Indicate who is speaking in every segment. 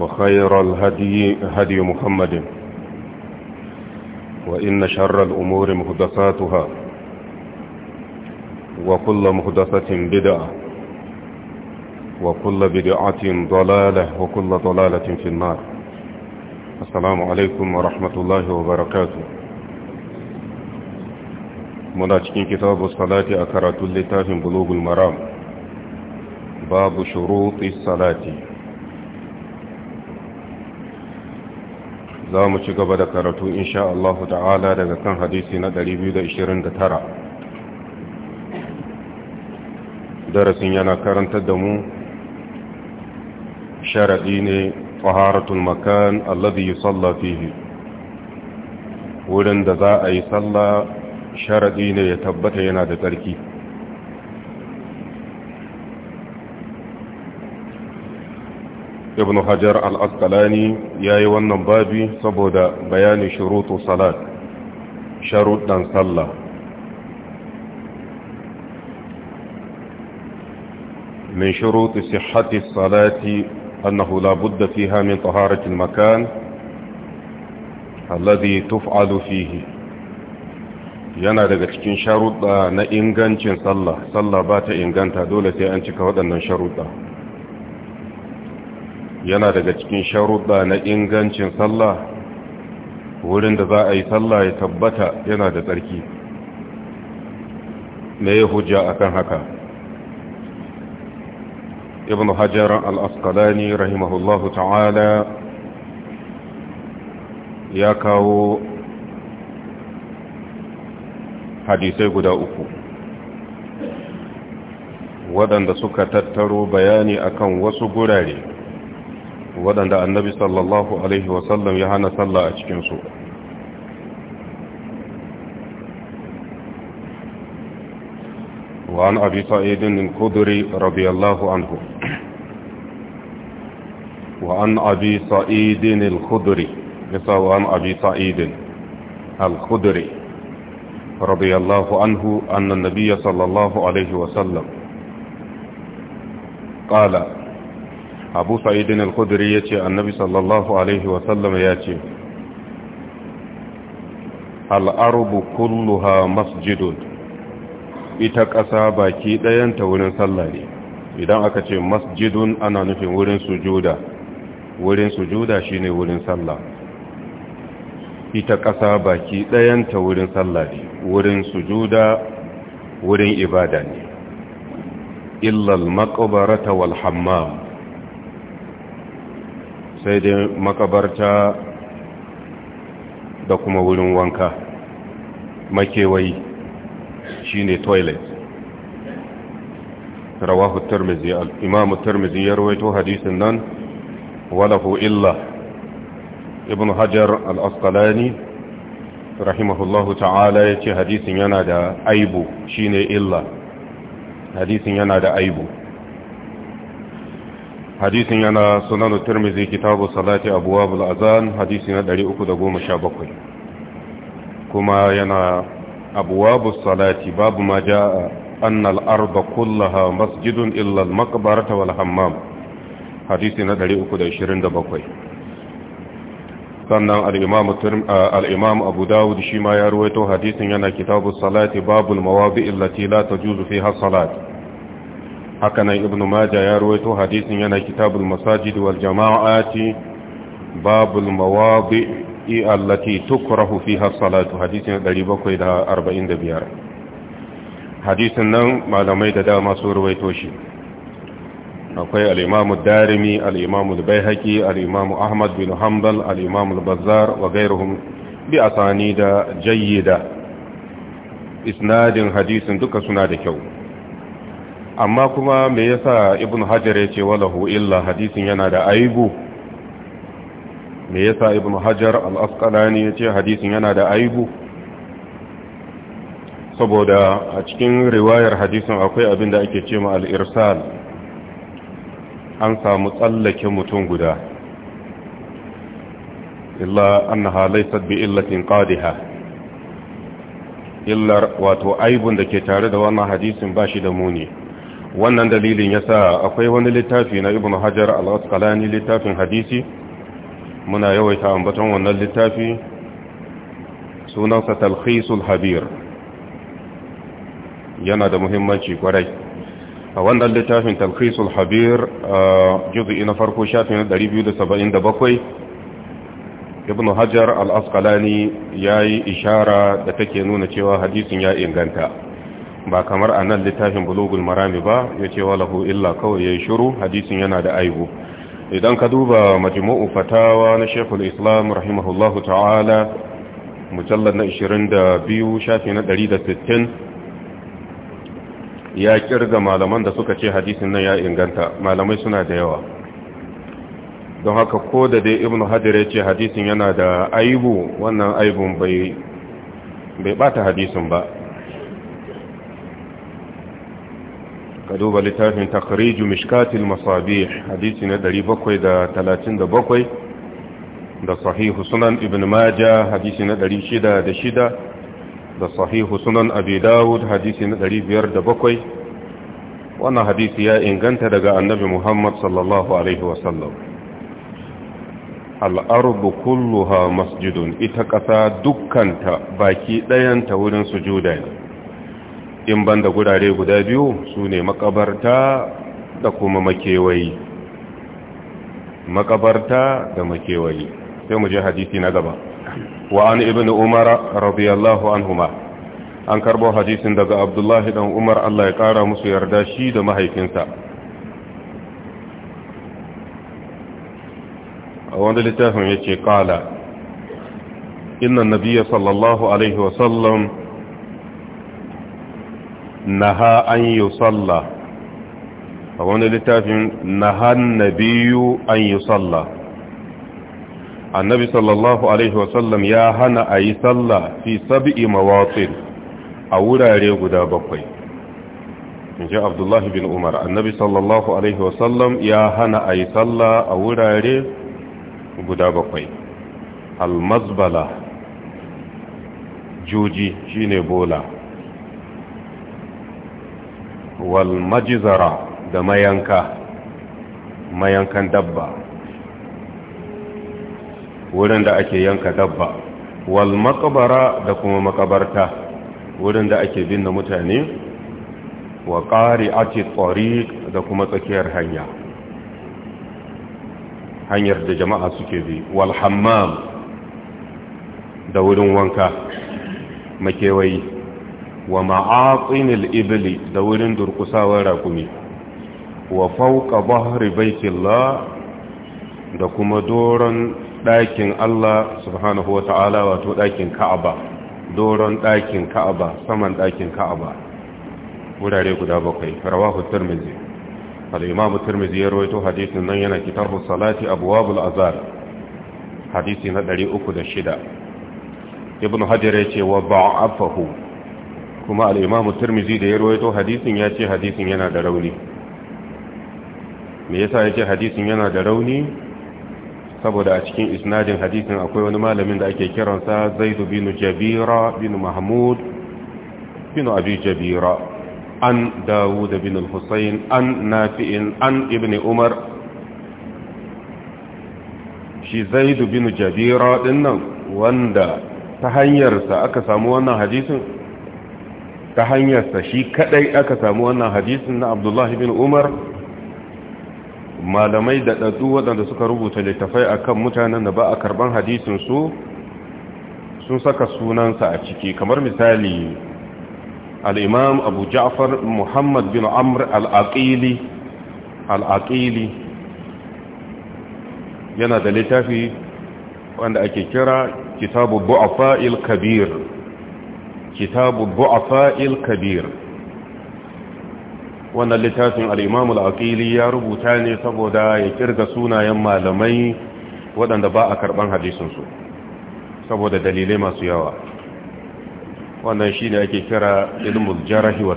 Speaker 1: وخير الهدي هدي محمد وإن شر الأمور مهدساتها وكل مهدسة بدعة وكل بدعة ضلالة وكل ضلالة في النار السلام عليكم ورحمة الله وبركاته مناشكين كتاب الصلاة أكرة لتاهم بلوغ المرام باب شروط الصلاة za mu ci gaba da karatu insha Allah ta'ala daga kan hadisi na 229 darasin yana karantar da mu sharaɗi ne faharatul makan alladhi yusalla fihi wurin da za a yi sallah sharaɗi ne ya tabbata yana da tsarki ibn hajar al-asqalani ya yi wannan babi saboda bayanin shurutu salat sharuɗan sallah من شروط صحة الصلاة أنه لا بد فيها من makan, المكان الذي تفعل yana daga cikin sharuɗa na ingancin sallah sallah ba ta inganta dole sai an cika waɗannan sharuɗa yana daga cikin sharuɗa na ingancin sallah wurin da za a yi sallah ya tabbata yana da tsarki me ya hujja akan haka ibn hajar al-asqalani rahimahullahu ta'ala ya kawo hadisai guda uku waɗanda suka tattaro bayani akan wasu gurare waɗanda annabi sallallahu alaihi wasallam ya hana sallah a cikinsu وعن أبي سعيد الخدري رضي الله عنه وعن أبي سعيد الخدري يسأل عن أبي سعيد الخدري رضي الله عنه أن النبي صلى الله عليه وسلم قال abu sa'idin al-khudri ya ce annabi sallallahu alaihi wasallam ya ce al'arubu kulluha masjidun ita ƙasa baki ɗayanta wurin sallah idan aka ce masjidun ana nufin wurin sujuda wurin sujuda shine wurin sallah ita ƙasa baki ɗayanta wurin sallah ne wurin sujuda wurin ibada ne illal maqbarata wal hammam sai dai makabarta da kuma wurin wanka makewayi shine toilet rawahu tirmidhi al-imam ya rawaito hadisin nan walahu illa ibn hajar al-asqalani rahimahullahu ta'ala ce hadisin yana da aibu shine illa hadisin yana da aibu hadisin yana sunanu turmizi kitabu salati abu wabul azan hadisi na 317 kuma yana abu wabul salati babu ma ja an al’arba kullaha masjidun illal makabarta wal hammam hadisi na 327 sannan al’imam abu dawud shi ma ya ruwaito hadisin yana kitabu salati babu mawabi illati la ta juzu fi hasalati Hakanan ibn majah ya ruwaito hadisin yana kitabul masajid wal jama'ati babul mawadi'i allati tukrahu fiha salatu hadisin 745 hadisin nan malamai da dama sun ruwaito shi akwai al-imamu darimi al-imamu al-baihaqi al ahmad bin hanbal al-imamu al-bazzar wa ghayruhum bi asanida jayyida isnadin hadisin duka suna da kyau amma kuma me yasa ibn hajar ya ce walahu illa hadisin yana da aibu me yasa ibn hajar al-asqalani ya ce hadisin yana da aibu saboda a cikin riwayar hadisin akwai abin da ake ce ma al-irsal an samu tsallake mutum guda illa annaha laysat bi illatin qadiha illa wato aibun da ke tare da wannan hadisin bashi da muni wannan dalilin ya sa akwai wani littafi na ibn hajar al-asqalani littafin hadisi muna yawaita ambaton wannan littafi sunansa talkhisul habir yana da muhimmanci kwarai a wannan littafin talkhisul habir a juzu'i na farko shafin 277 ibn hajar al ya yi ishara da take nuna cewa hadisin ya inganta ba kamar a nan littafin bulugul marami ba ya ce walahu illa kawai ya yi shuru hadisin yana da aibu idan ka duba majmu'u fatawa na shekul islam rahimahullahu ta'ala mujallar na 22 shafi na 160 ya kirga malaman da suka ce hadisin nan ya inganta malamai suna da yawa don haka ko da dai ibn hadir ya ce hadisin yana da aibu wannan aibun bai bata hadisin ba ka duba littafin takhriju mishkatil masabih hadisi na 737 da sahihu sunan ibn majah hadisi na 606 da sahihu sunan abi dawud hadisi na 507 wannan hadisi ya inganta daga annabi muhammad sallallahu alaihi wasallam al'arbu kulluha masjidun ita ƙasa dukkanta baki ɗayanta wurin sujuda ne in da gurare guda biyu su ne makabarta da kuma makewayi makabarta da makewayi sai mu je hadisi na gaba wa an ibn umar radiyallahu anhuma an karbo hadisin daga abdullahi dan umar Allah ya kara musu yarda shi da mahaifinsa a wanda littafin ya ce kala inna nabiya sallallahu alaihi wasallam naha an yi salla a wani littafin nahan nabiyu an yi salla annabi sallallahu alaihi wasallam ya hana a yi salla fi sabi'i mawatsin a wurare guda bakwai in ji abdullahi bin umar annabi sallallahu alaihi wasallam ya hana a yi salla a wurare guda bakwai almazbala juji shine bola wal majizara da mayanka mayankan dabba wurin da ake yanka dabba wal makabara da kuma makabarta wurin da ake binne mutane wa ƙari ake tsari da kuma tsakiyar hanya hanyar da jama'a suke bi wal hammam da wurin wanka makewayi wa ma'aqinil ibli da wurin durkusawar raƙumi. wa fawqa bahri baitillah da kuma doron ɗakin Allah subhanahu wa ta'ala wato ɗakin Ka'aba doron ɗakin Ka'aba saman ɗakin Ka'aba wurare guda bakwai rawahu tirmidhi al-imam tirmidhi ya rawaito hadisin nan yana kitabu salati abwabul azar hadisi na 306 ibn hajar ya ce wa ba'afahu kuma al'imamu turmizi da ya rawaito hadisin ya ce hadisin yana da rauni me yasa ya ce hadisin yana da rauni saboda a cikin isnadin hadisin akwai wani malamin da ake kiransa zaidu binu jabira binu mahmud binu abi jabira an dawo bin binu husayn an nafi'in an ibn umar shi zaidu binu jabira dinnan wanda ta hanyarsa aka samu wannan hadisin ta hanyarsa shi kadai aka samu wannan hadisin na abdullahi bin umar malamai da ɗaɗu waɗanda suka rubuta littafai kan mutanen da ba a karɓar hadisinsu sun saka sunansa a ciki kamar misali al'imam abu ja'far muhammad bin amr al'aƙili al'aƙili yana da littafi wanda ake kira kitabu bu'afa'il kabir kitabu bu'afa'il kabir wannan littafin al'imamu al'aƙili ya rubuta ne saboda ya kirga sunayen malamai waɗanda ba a karɓan hadisunsu saboda dalilai masu yawa wannan shi ne ake kira ilmul jarahi wa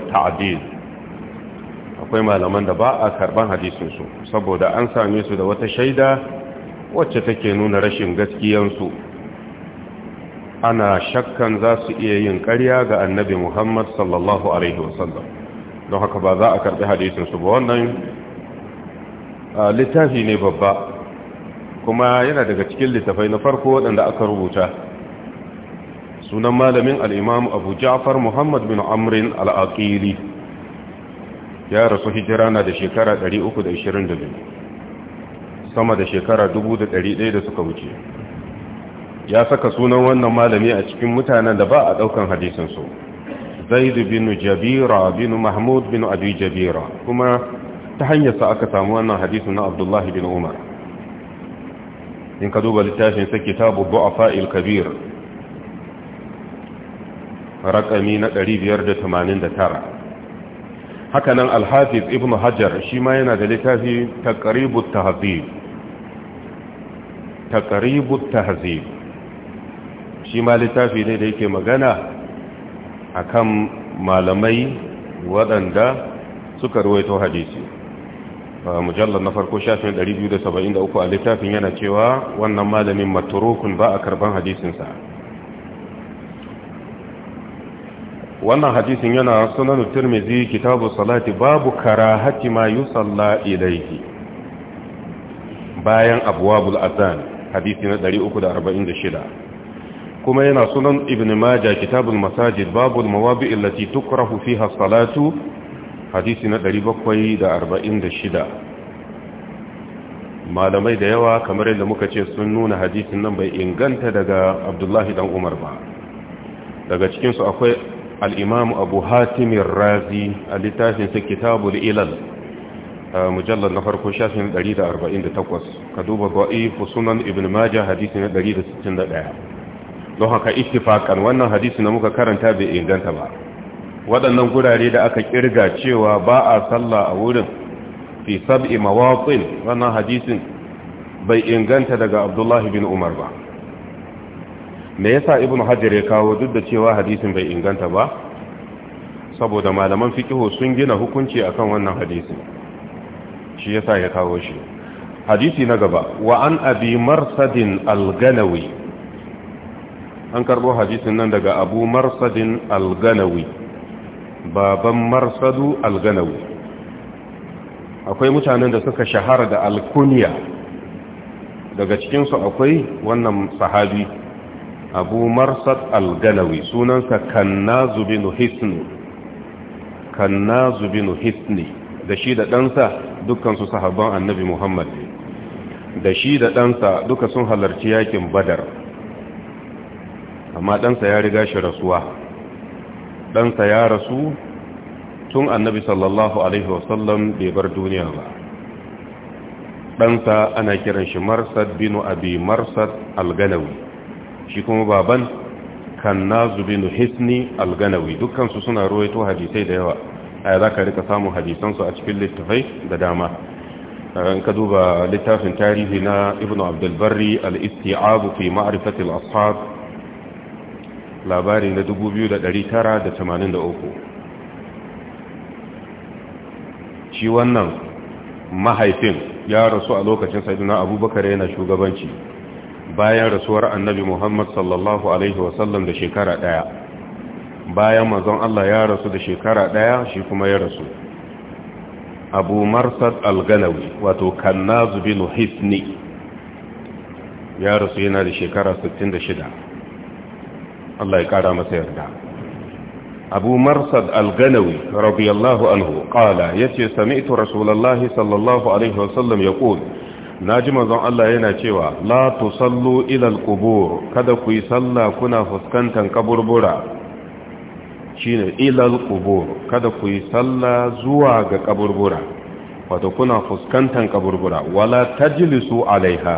Speaker 1: akwai malaman da ba a karɓan hadisunsu saboda an same su da wata shaida wacce take nuna rashin gaskiyansu ana shakkan za su iya yin ƙarya ga annabi Muhammad sallallahu Alaihi wasallam don haka ba za a karɓi hadisinsu ba wannan littafi ne babba kuma yana daga cikin littafai na farko waɗanda aka rubuta sunan malamin al'imam abu ja'far Muhammad bin amrin al'aƙili ya rasu hijira na da shekara 322 sama da shekara 1100 da suka wuce ya saka sunan wannan malami a cikin mutanen da ba a daukan su zaid bin jabira bin mahmud bin abi jabira kuma ta hanyarsa aka samu wannan hadisin na abdullahi bin umar in ka duba littafin sa kitabu du'afa kabir rakami na 589 hakanan alhafiz ibn hajar shi ma yana da littafi taqribut tahzib taqribut tahzib shi ma littafi ne da yake magana a kan malamai waɗanda suka ruwaito hadisi mujallar na farko shafin 273 a littafin yana cewa wannan malamin maturukun ba a karban hadisinsa wannan hadisin yana sunanu turmizi kitabu salati babu karahati ma salla ilaihi bayan abuwa azan hadisi na 346 kuma yana sunan ibn majah kitabul masajid babul mawabi allati tukrahu fiha salatu hadisi na 746 malamai da yawa kamar yadda muka ce sun nuna hadisin nan bai inganta daga abdullahi dan umar ba daga cikinsu akwai al'imamu abu hatimin razi a littafinsa kitabul ilal mujallar na farko shafin 148 ka duba ba'i sunan ibn majah hadisi na 161 don haka ittifaqan wannan hadisi na muka karanta bai inganta ba waɗannan gurare da aka kirga cewa ba a sallah a wurin fi sab'i mawaqin wannan hadisin bai inganta daga Abdullah bin Umar ba me yasa ibnu hajar ya kawo duk da cewa hadisin bai inganta ba saboda malaman fiqh sun gina hukunci akan wannan hadisin shi yasa ya kawo shi hadisi na gaba wa an abi marsadin al-ganawi an karbo hadisin nan daga abu marsadin alganawi baban marsadu alganawi akwai mutanen da suka shahara da alkuniya daga cikinsu akwai wannan sahabi abu marsad alganawi sunansa Kanna Zubinu hisni Kanna Zubinu hisni da shi da ɗansa dukkansu sahabban annabi muhammad da shi da ɗansa duka sun halarci yakin badar amma ɗansa ya riga shi rasuwa ɗansa ya rasu tun annabi sallallahu alaihi wasallam bai bar duniya ba ɗansa ana kiran shi marsad binu abi marsad alganawi shi kuma baban nazu binu hisni alganawi dukansu suna ruwaito hadisai da yawa a za ka rika samun hadisansu a cikin littafai da dama in ka duba littafin tarihi na ibn abdulbari al-isti'abu fi ma'rifatil ashab labari na 2983 shi wannan mahaifin ya rasu a lokacin saiduna abubakar yana shugabanci bayan rasuwar annabi muhammad sallallahu alaihi wasallam da shekara daya bayan mazan allah ya rasu da shekara daya shi kuma ya rasu abu marsad alganawi wato kannazu bin hisni ya rasu yana da shekara 66 Allah ya kara masa yarda abu marsad al-ganawi radiyallahu anhu qala yace sami'tu rasulullahi sallallahu alaihi wasallam yaqul naji manzon Allah yana cewa la tusallu ila al-qubur kada ku yi sallah kuna fuskantar kaburbura shine ila al-qubur kada ku yi sallah zuwa ga kaburbura wato kuna fuskantar kaburbura wala tajlisu alaiha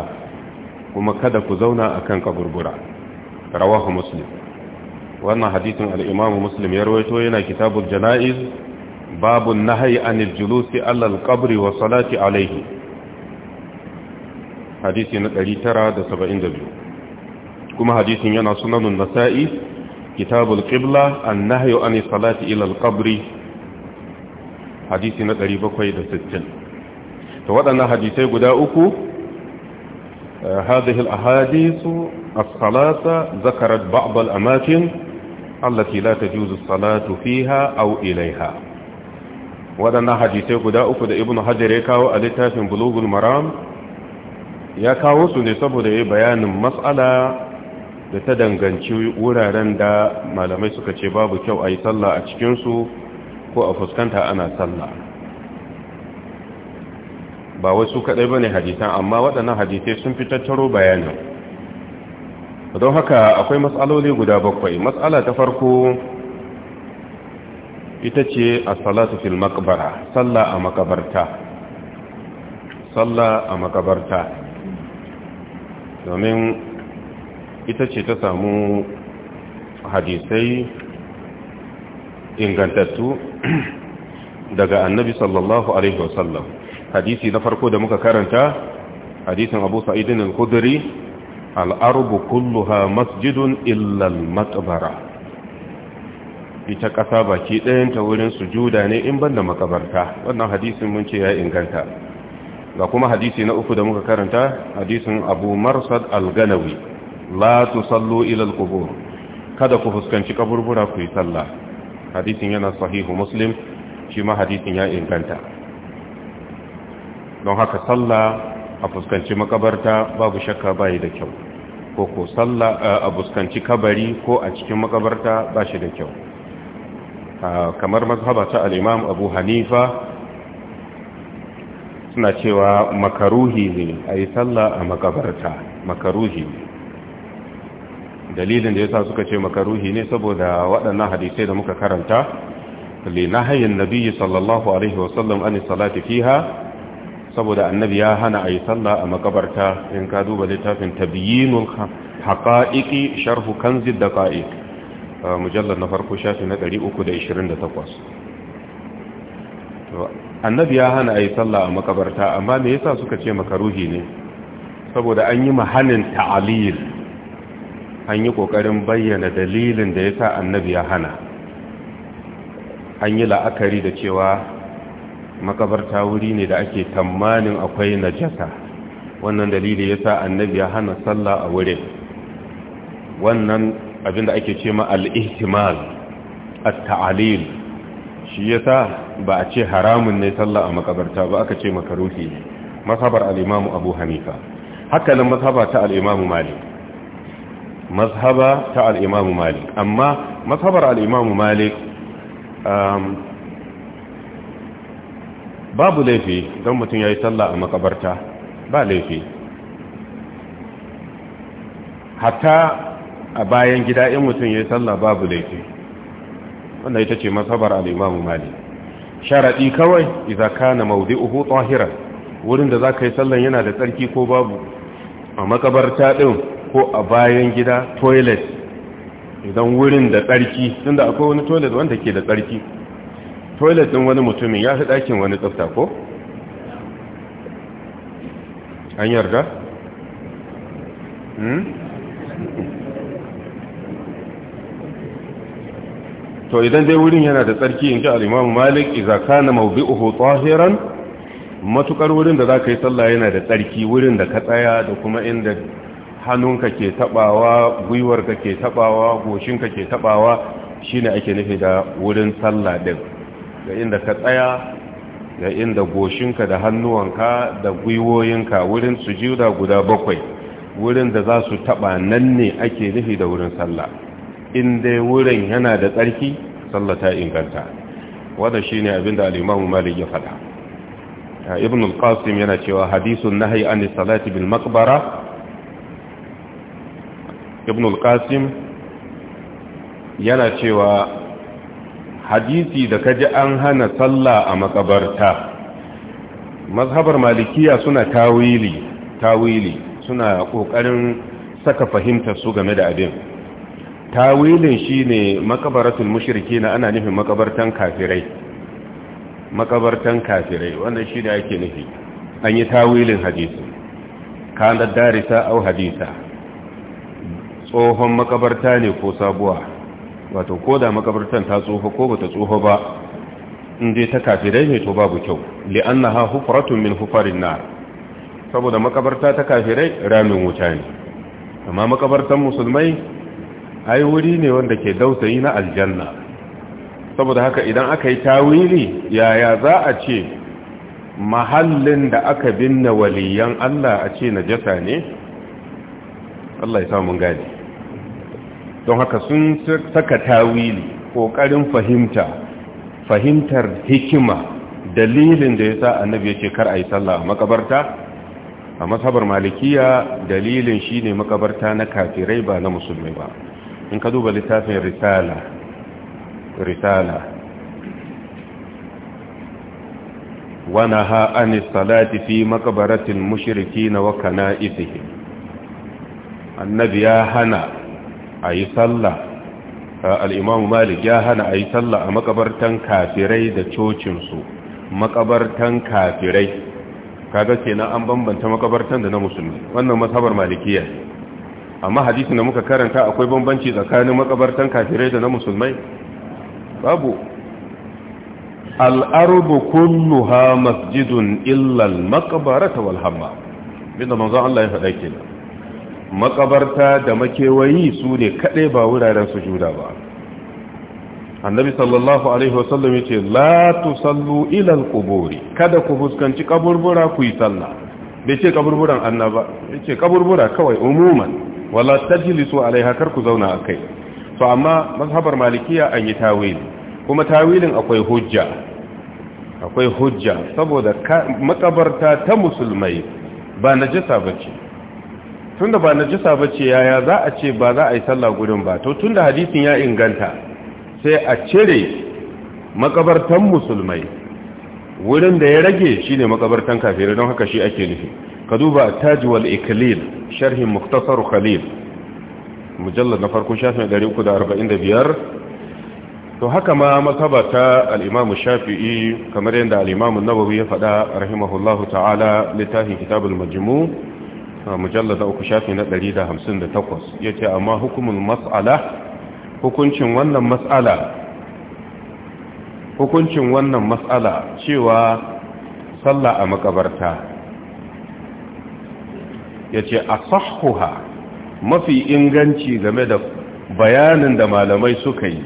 Speaker 1: kuma kada ku zauna akan kaburbura rawahu muslim wannan hadisin al'imamu imam Muslim ya rawaito yana kitabul janaiz babun nahyi anil julusi ala al-qabri wa salati alayhi hadisi na 972 kuma hadisin yana sunanun nasa'i kitabul ƙibla an-nahyu anis salati ilal kabri qabri hadisi na 760 to waɗannan hadisai guda uku هذه الأحاديث الصلاة ذكرت بعض الأماكن allati la tajuzu salatu fiha aw ilaiha wadannan hadisai guda uku da ibnu hajar ya kawo a littafin bulughul maram ya kawo su ne saboda yi bayanin matsala da ta danganci wuraren da malamai suka ce babu kyau a yi sallah a cikinsu ko a fuskanta ana sallah ba wasu kadai ne hadisan amma waɗannan hadisai sun fi tattaro bayanin don haka akwai matsaloli guda bakwai matsala ta farko ita ce a salatu fil makabara sallah a makabarta sallah a makabarta domin ita ce ta samu hadisai ingantattu daga annabi sallallahu alaihi wasallam hadisi na farko da muka karanta hadisin abu sa'idin al-khudri al'arbu kulluha masjidun illal matsabara ita ƙasa baki ɗayanta wurin sujuda ne in ban da makabarta wannan hadisin mun ce ya inganta ga kuma hadisi na uku da muka karanta hadisin abu marsad al-ganawi la tusallu ila al-qubur kada ku fuskanci kaburbura ku yi sallah hadisin yana sahihu muslim shi ma hadisin ya inganta don haka sallah a fuskanci makabarta babu shakka bai da kyau ko ko sallah a fuskanci kabari ko a cikin makabarta ba shi da kyau kamar mazhaba ta al-Imam Abu Hanifa suna cewa makaruhi ne a yi sallah a makabarta makaruhi dalilin da yasa suka ce makaruhi ne saboda waɗannan hadisai da muka karanta li nahayin nabiyyi sallallahu alaihi wasallam an salati fiha saboda annabi ya hana a yi sallah a makabarta in ka duba littafin tabiyinul haqa'iqi sharhu da daqa'iq mujallad na farko shafi na 328 annabi ya hana a yi sallah a makabarta amma me yasa suka ce makaruhi ne saboda an yi mahanin ta'alil an yi ƙoƙarin bayyana dalilin da ya sa annabi ya hana an yi la'akari da cewa makabarta wuri ne da ake tamanin akwai najasa wannan dalili yasa annabi ya hana sallah a wurin wannan abinda ake ce ma al-ihtimal at-ta'lil shi yasa ba a ce haramun ne sallah a makabarta ba aka ce makaruhi ne mazhabar al'imamu Abu Hanifa haka nan mazhaba ta al'imamu Malik mazhaba ta al'imamu Malik amma mazhabar al'imamu Malik um, babu laifi don mutum ya yi sallah a makabarta ba laifi hatta a bayan gida in mutum ya yi sallah babu laifi wanda ita ce masabar al'imamu mali sharaɗi kawai iza kana uku tsohira wurin da za ka yi tsallon yana da tsarki ko babu a makabarta ɗin ko a bayan gida toilet idan wurin da tsarki tunda akwai wani toilet wanda ke da tsarki toilet ɗin wani mutumin ya fi ɗakin wani tsafta ko? an yarda? Hmm? to idan dai wurin yana da tsarki in ji al'imamu malik izaka na Uhu, tsohiran matukar wurin da za ka yi sallah yana da tsarki wurin da ka tsaya da kuma inda hannunka ke tabawa gwiwarka ke tabawa goshinka ke tabawa shine ake nufi da wurin sallah ɗin? Ga inda ka tsaya ga inda goshinka da hannuwanka da gwiwoyinka wurin sujuda guda bakwai wurin da za su taba nan ne ake nufi da wurin sallah in dai wurin yana da tsarki sallah ta inganta wanda shine abin da al'imamu Malik ya faɗa Ibn al-Qasim yana cewa hadithun nahyi an salati bil maqbara Ibn al-Qasim yana cewa hadisi da kaji an hana sallah a makabarta mazhabar malikiya suna tawili tawili suna kokarin saka fahimtar su game da abin tawilin shine makabaratul mushrikin ana nufin makabartan kafirai makabartan kafirai wannan shi da ake nufi an yi tawilin hadisi kana darisa au hadisa tsohon makabarta ne ko sabuwa wato ko da makabartan ta tsoho ko bata tsoho ba in dai ta kafirai ne to babu kyau li'annaha hufratun min hufarin nar saboda makabarta ta kafirai ramin wuta ne amma makabartan musulmai ai wuri ne wanda ke dausayi na aljanna saboda haka idan aka yi tawili yaya za a ce mahallin da aka binne waliyan Allah a ce najasa ne Allah ya samu gani don haka sun saka tawili ƙoƙarin fahimta fahimtar hikima dalilin da ya sa annabi ya ce kar a yi sallah a makabarta a masabar malikiya dalilin shi ne makabarta na kafirai ba na musulmi ba in ka duba littafin risala risala wana ha an salati fi makabaratin mushriki na wa kana'isihim annabi ya hana a yi sallah al'imamu malik ya hana a yi sallah a makabartan kafirai da cocinsu makabartan kafirai kaga kenan an bambanta makabartan da na musulmi wannan mazhabar malikiya amma hadisi da muka karanta akwai bambanci tsakanin makabartan kafirai da na musulmai babu al'arbu kulluha masjidun illal makabarata wal bin da Allah ya faɗa kenan makabarta da makewayi su ne kaɗai ba wuraren su sujuda ba annabi sallallahu alaihi wasallam yace la tusallu ila alqubur kada ku fuskanci kaburbura ku yi sallah bai ce kaburburan annaba yace kaburbura kawai umuman wala tajlisu alaiha kar ku zauna akai to amma mazhabar malikiya an yi tawil kuma tawilin akwai hujja akwai hujja saboda makabarta ta musulmai ba najasa bace tunda ba na ba ya yaya za a ce ba za a yi sallah gudun ba to tunda hadisin ya inganta sai a cire makabartan musulmai wurin da ya rage shi ne makabartan kafirai don haka shi ake nufi ka duba taji wal iklil sharhin muktasar khalil mujallar na farko shafin biyar. to haka ma masaba ta al'imamu shafi'i kamar yadda al'imamu nawawi ya faɗa rahimahullahu ta'ala littafin kitabul majmu' mujallar da uku shafi na 158 ya ce amma hukumin matsala hukuncin wannan matsala hukuncin wannan matsala cewa sallah a makabarta ya ce a sahuha mafi inganci game da bayanin da malamai suka yi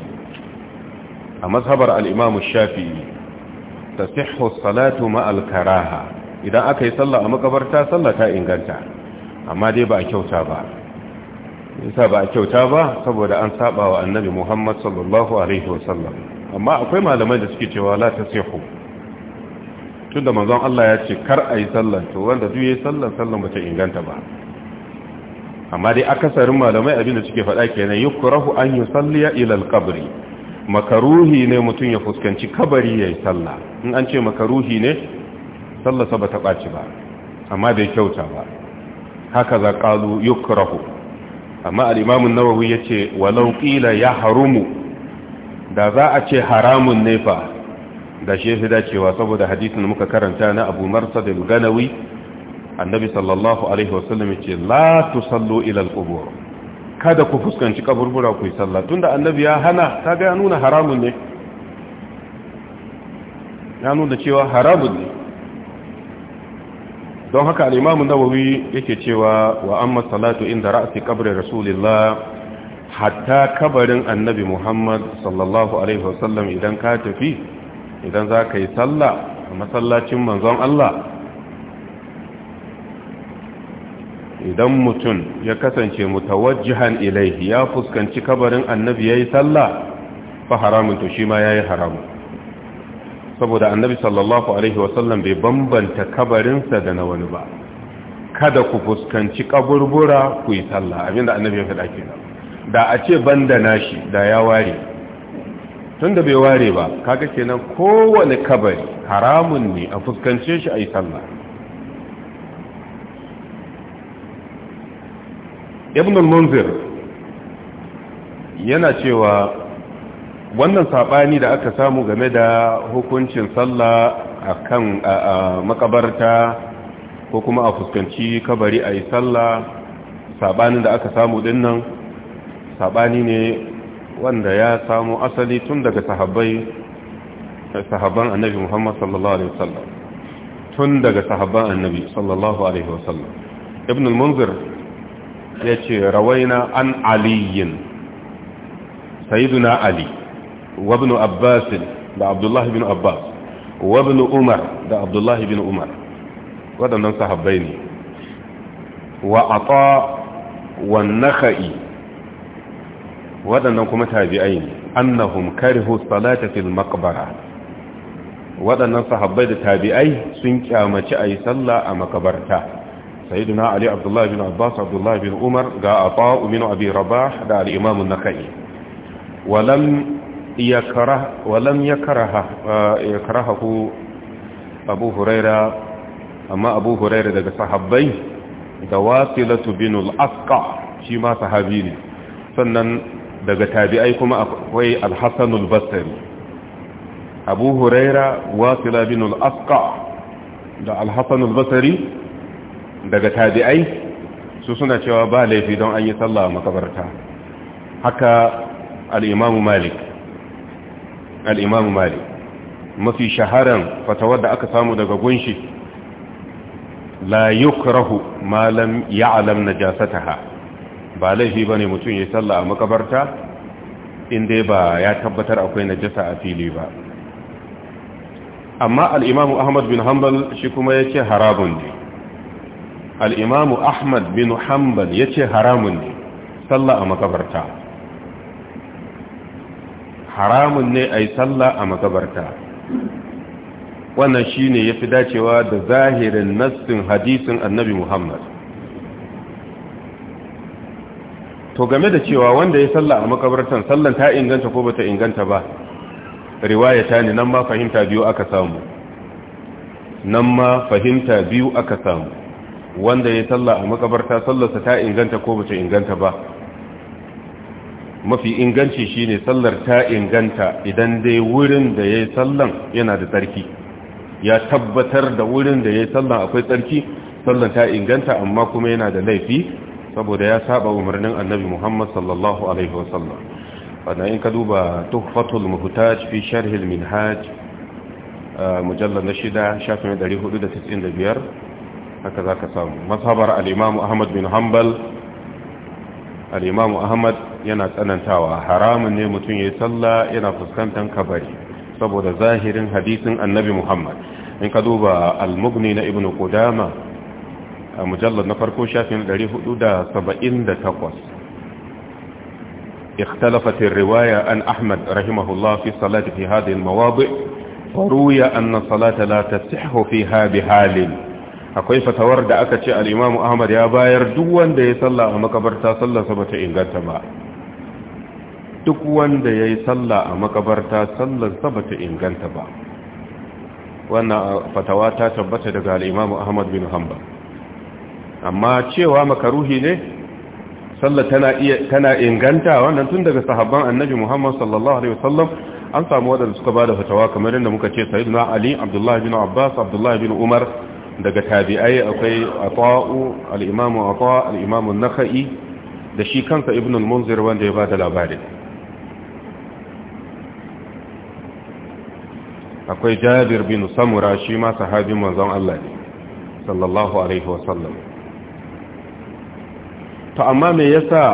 Speaker 1: a mazhabar al'imamu shafi ta sihu salatu ma'al idan aka yi sallah a makabarta sallah ta inganta amma dai ba a kyauta ba yasa ba a kyauta ba saboda an saba wa annabi Muhammad sallallahu alaihi wasallam amma akwai malamai da suke cewa la tasihu tunda manzon Allah ya ce kar a yi sallan to wanda duk sallan sallan bata inganta ba amma dai akasarin malamai abinda suke faɗa kenan yukrahu an yusalliya ilal al-qabri makaruhi ne mutum ya fuskanci kabari yi salla in an ce makaruhi ne sallah sa bata ɓaci ba amma bai kyauta ba haka za ƙalu yukrahu amma al'imamun nawawi ya ce walau ƙila ya harumu da za a ce haramun nefa da shi fi dacewa saboda hadisin da muka karanta na abu marta da ganawi annabi sallallahu alaihi wasallam ce la tusallu ila al-qubur kada ku fuskanci kaburbura ku yi sallah tunda annabi ya hana ta ga nuna haramun ne ya nuna cewa haramun ne don haka al-imamu nawawi yake cewa wa an salatu inda ra'si qabri rasulillah hatta kabarin annabi muhammad sallallahu alaihi wasallam idan ka tafi idan za ka yi sallah a masallacin manzon Allah idan mutum ya kasance mutawajjihan ilaihi ya fuskanci kabarin annabi yayi sallah fa haramun to shi ma yayi haramun saboda annabi sallallahu alaihi wasallam bai bambanta kabarinsa da na wani ba kada ku fuskanci kaburbura ku yi sallah abinda annabi ya faɗa kenan da a ce banda nashi da ya ware tunda bai ware ba kaga kenan kowane kabari haramun ne a fuskance shi a yi sallah ibn al-munzir yana cewa wannan saɓani da aka samu game da hukuncin sallah a kan makabarta ko kuma a fuskanci kabari a yi sallah sabanin da aka samu dinnan saɓani ne wanda ya samu asali tun daga sahabbai sahabban annabi Muhammad sallallahu alaihi wasallam tun daga sahabban annabi sallallahu alaihi wasallam ibn al-munzir yace rawaina an aliyin sayyiduna ali وابن عباس da abdullahi bin abbas wa ibn umar da abdullahi bin umar waɗannan sahabbai ne wa ata wa nakha'i waɗannan kuma tabi'ai ne annahum karihu salata fil maqbara waɗannan sahabbai da tabi'ai sun kyamaci ayi sallah a makabarta sayyidina ali abdullahi bin abbas abdullahi bin umar ga ata min abi rabah da al-imam an-nakha'i ولم yakarah walam karaha eh, ku abu huraira amma abu huraira daga sahabbai da wasilatu bin Aska shi ma sahabi ne sannan daga tabi'ai kuma akwai al-hasan abu huraira wasila bin Aska da al-hasan daga tabi'ai su suna cewa ba laifi don an yi sallah makabarta haka al'imamu malik al'imamu mali mafi shaharan fatawar da aka samu daga gunshi la yukrahu malam ya'lam najasataha ba laifi ne mutum ya salla a makabarta inda ba ya tabbatar akwai jasa a fili ba amma al'imamu ahmad bin hanbal shi kuma yace harabun ne al-imamu ahmad bin hanbal ce haramun ne salla a makabarta haramun ne a yi sallah a makabarta wannan shi ne ya fi dacewa da zahirin nassin hadisin annabi muhammad to game da cewa wanda ya sallah a makabartan sallan ta inganta ko bata inganta ba riwaya ta ne nan ma fahimta biyu aka samu nan ma fahimta biyu aka samu wanda ya sallah a makabarta sallarsa ta inganta ko bata inganta ba mafi inganci shine sallar ta inganta idan dai wurin da ya yi sallan yana da tsarki ya tabbatar da wurin da ya yi sallan akwai tsarki sallan ta inganta amma kuma yana da laifi saboda ya saba umarnin annabi muhammad sallallahu alaihi wasallam wanda in ka duba tuhfatul muhtaj fi sharhil minhaj mujallar na shida shafin 495 haka za ka samu masabar al'imamu ahmad bin hanbal الإمام أحمد ينسأل أن تعوى حرام أن يمتن يتلى ينفسكن تنكبري صبر ظاهر حديث النبي محمد إن قدوب المغنين ابن قدامة مجلد نفرق شافين لديه حدود سبعين دتقوص اختلفت الرواية أن أحمد رحمه الله في الصلاة في هذه المواضع فروي أن الصلاة لا تسحه فيها بحالٍ akwai fatawar da aka ce al'imamu ahmad ya bayar duk wanda ya salla a makabarta sallarsa ba ta inganta ba duk wanda ya yi salla a makabarta sallarsa ba ta inganta ba wannan uh, fatawa ta tabbata daga al'imamu ahmad bin Hamba. amma cewa makaruhi ne sallar tana inganta wannan tun daga sahabban annabi muhammad sallallahu alaihi wasallam an samu waɗanda suka ba da fatawa kamar yadda muka ce sayyidina ali abdullahi bin abbas abdullahi bin umar daga tabi'ai akwai ata'u al-imamu ata al-imamu nakhai da shi kansa ibn al-munzir wanda ya bada labarin akwai jabir bin samura shi ma sahabin manzon Allah ne sallallahu alaihi wa sallam to amma me yasa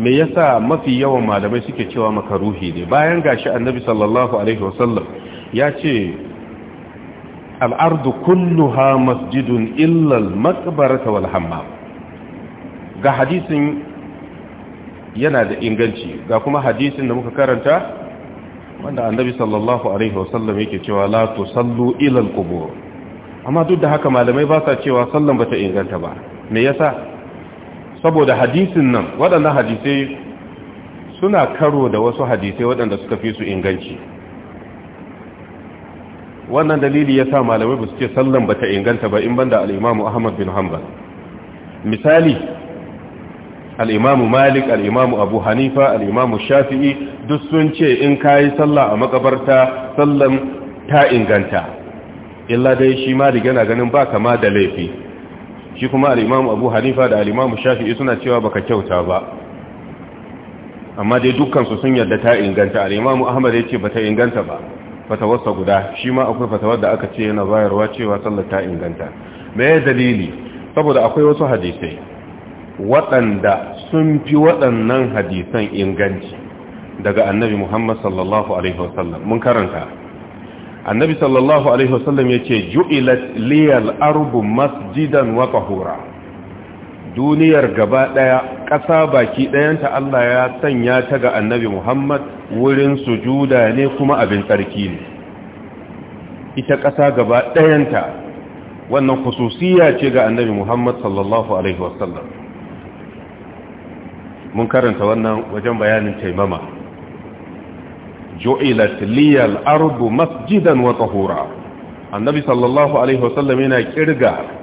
Speaker 1: me yasa mafi yawan malamai suke cewa makaruhi ne bayan gashi annabi sallallahu alaihi wa sallam ya ce al'ardu ha masjidun illal makabarata wal hammam ga hadisin yana da inganci ga kuma hadisin da muka karanta wanda annabi sallallahu alaihi wasallam yake cewa la sallu, ilal qubur amma duk da haka malamai ba sa cewa sallan bata inganta ba me yasa saboda hadisin nan waɗannan hadisai suna karo da wasu hadisai waɗanda suka fi su inganci wannan dalili ya sa malamai ba su ce sallan ba ta inganta ba in banda al'imamu ahmad bin hanbal misali al'imamu malik al'imamu abu hanifa al'imamu shafi'i duk sun ce in ka yi sallah a makabarta sallan ta inganta illa dai shi malik yana ganin ba kama da laifi shi kuma al'imamu abu hanifa da al'imamu shafi'i suna cewa ba ka kyauta ba amma dai dukkansu sun yarda ta inganta al'imamu ahmad ya ce ba ta inganta ba fatawarsa guda shi ma akwai fatawar da aka ce yana bayarwa cewa sallar ta inganta me dalili saboda akwai wasu hadisai waɗanda sun fi waɗannan hadisan inganci daga annabi Muhammad sallallahu alaihi wasallam mun karanta annabi sallallahu alaihi wasallam yace ju'ilat liyal arbu masjidan wa tahura duniyar gaba ɗaya ƙasa baki ɗayanta Allah ya sanya ta ga annabi Muhammad wurin sujuda ne kuma abin tsarki ne ita ƙasa gaba ɗayanta wannan kususiya ce ga annabi Muhammad sallallahu Alaihi wasallam mun karanta wannan wajen bayanin taimama jo'ilat liyal ardu masjidan wa tahura annabi sallallahu Alaihi wasallam yana kirga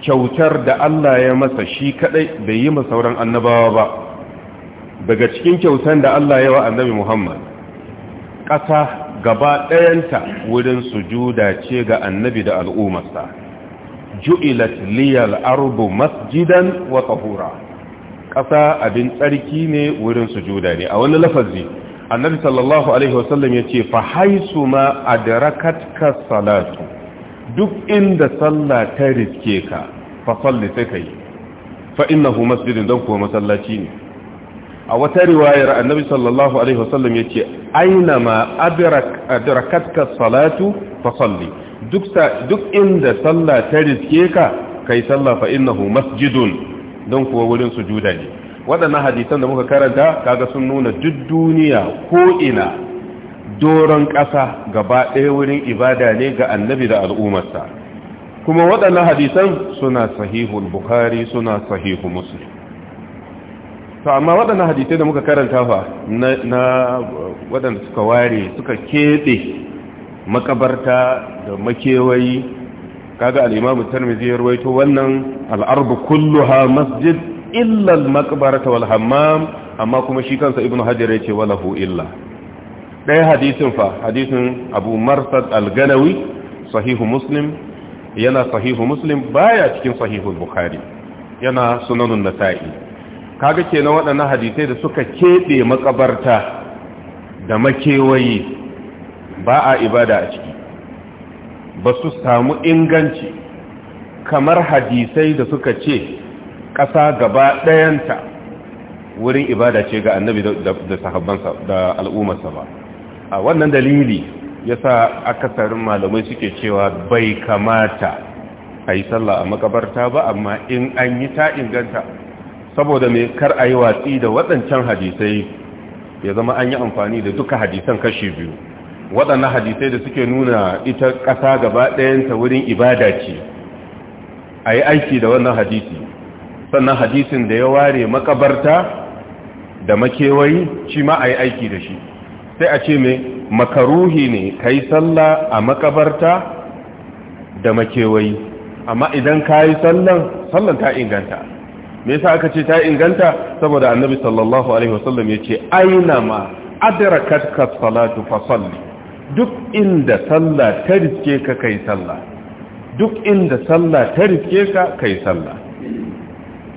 Speaker 1: kyautar da Allah ya masa shi kadai bai yi masa sauran annabawa ba daga cikin kyautar da Allah ya wa annabi Muhammad ƙasa gaba ɗayanta wurin sujuda ce ga annabi da al'ummarsa ju'ilat liyal ardu masjidan wa tahura ƙasa abin tsarki ne wurin sujuda ne a wani lafazi annabi sallallahu alaihi wasallam yace fa haisu ma ka, salatu duk inda sallah ta riske ka fa salli sai kai fa innahu masjidin dan kuwa masallaci ne a wata riwayar annabi sallallahu alaihi wasallam yace aina ma adrak adrakatka salatu fa salli duk duk inda sallah ta riske ka kai sallah fa innahu masjidun dan kuwa wurin sujuda ne waɗannan hadisan da muka karanta kaga sun nuna duk duniya ko ina doron ƙasa gaba ɗaya wurin ibada ne ga annabi da al'ummarsa kuma waɗannan hadisan suna sahihul bukhari suna sahihu muslim to amma waɗannan hadisai da muka karanta fa na waɗanda suka ware suka keɓe makabarta da makewayi kaga al-imamu tarmizi ya wannan al kullu kulluha masjid illa al wal hammam amma kuma shi kansa ibnu hajar yace walahu illa ɗaya hadisin fa hadisin abu marsad al-ganawi sahihu muslim yana sahihu muslim baya cikin sahihu bukhari yana sunanun nasa'i kaga kenan waɗannan hadisai da suka keɓe makabarta da makewayi ba a ibada a ciki ba su samu inganci kamar hadisai da suka ce ƙasa gaba ɗayanta wurin ibada ce ga annabi da sahabbansa da al'ummarsa ba a wannan dalili ya yasa akasarin malamai suke cewa bai kamata a yi sallah a makabarta ba amma in an yi ta inganta saboda mai kar a yi watsi da waɗancan hadisai ya zama an yi amfani da duka hadisan kashi biyu waɗannan hadisai da suke nuna ita ƙasa gaba ɗayanta wurin ibada ce a yi aiki da wannan hadisi sannan hadisin da ya ware makabarta da makewayi shi ma a yi aiki da shi sai a ce mai makaruhi ne ka yi sallah a makabarta da makewayi amma idan ka yi sallan sallan ta inganta me yasa aka ce ta inganta saboda annabi sallallahu alaihi wasallam ya ce aina ma adrakat ka salatu fa salli duk inda sallah ta riske ka kai sallah duk inda sallah ta riske ka kai sallah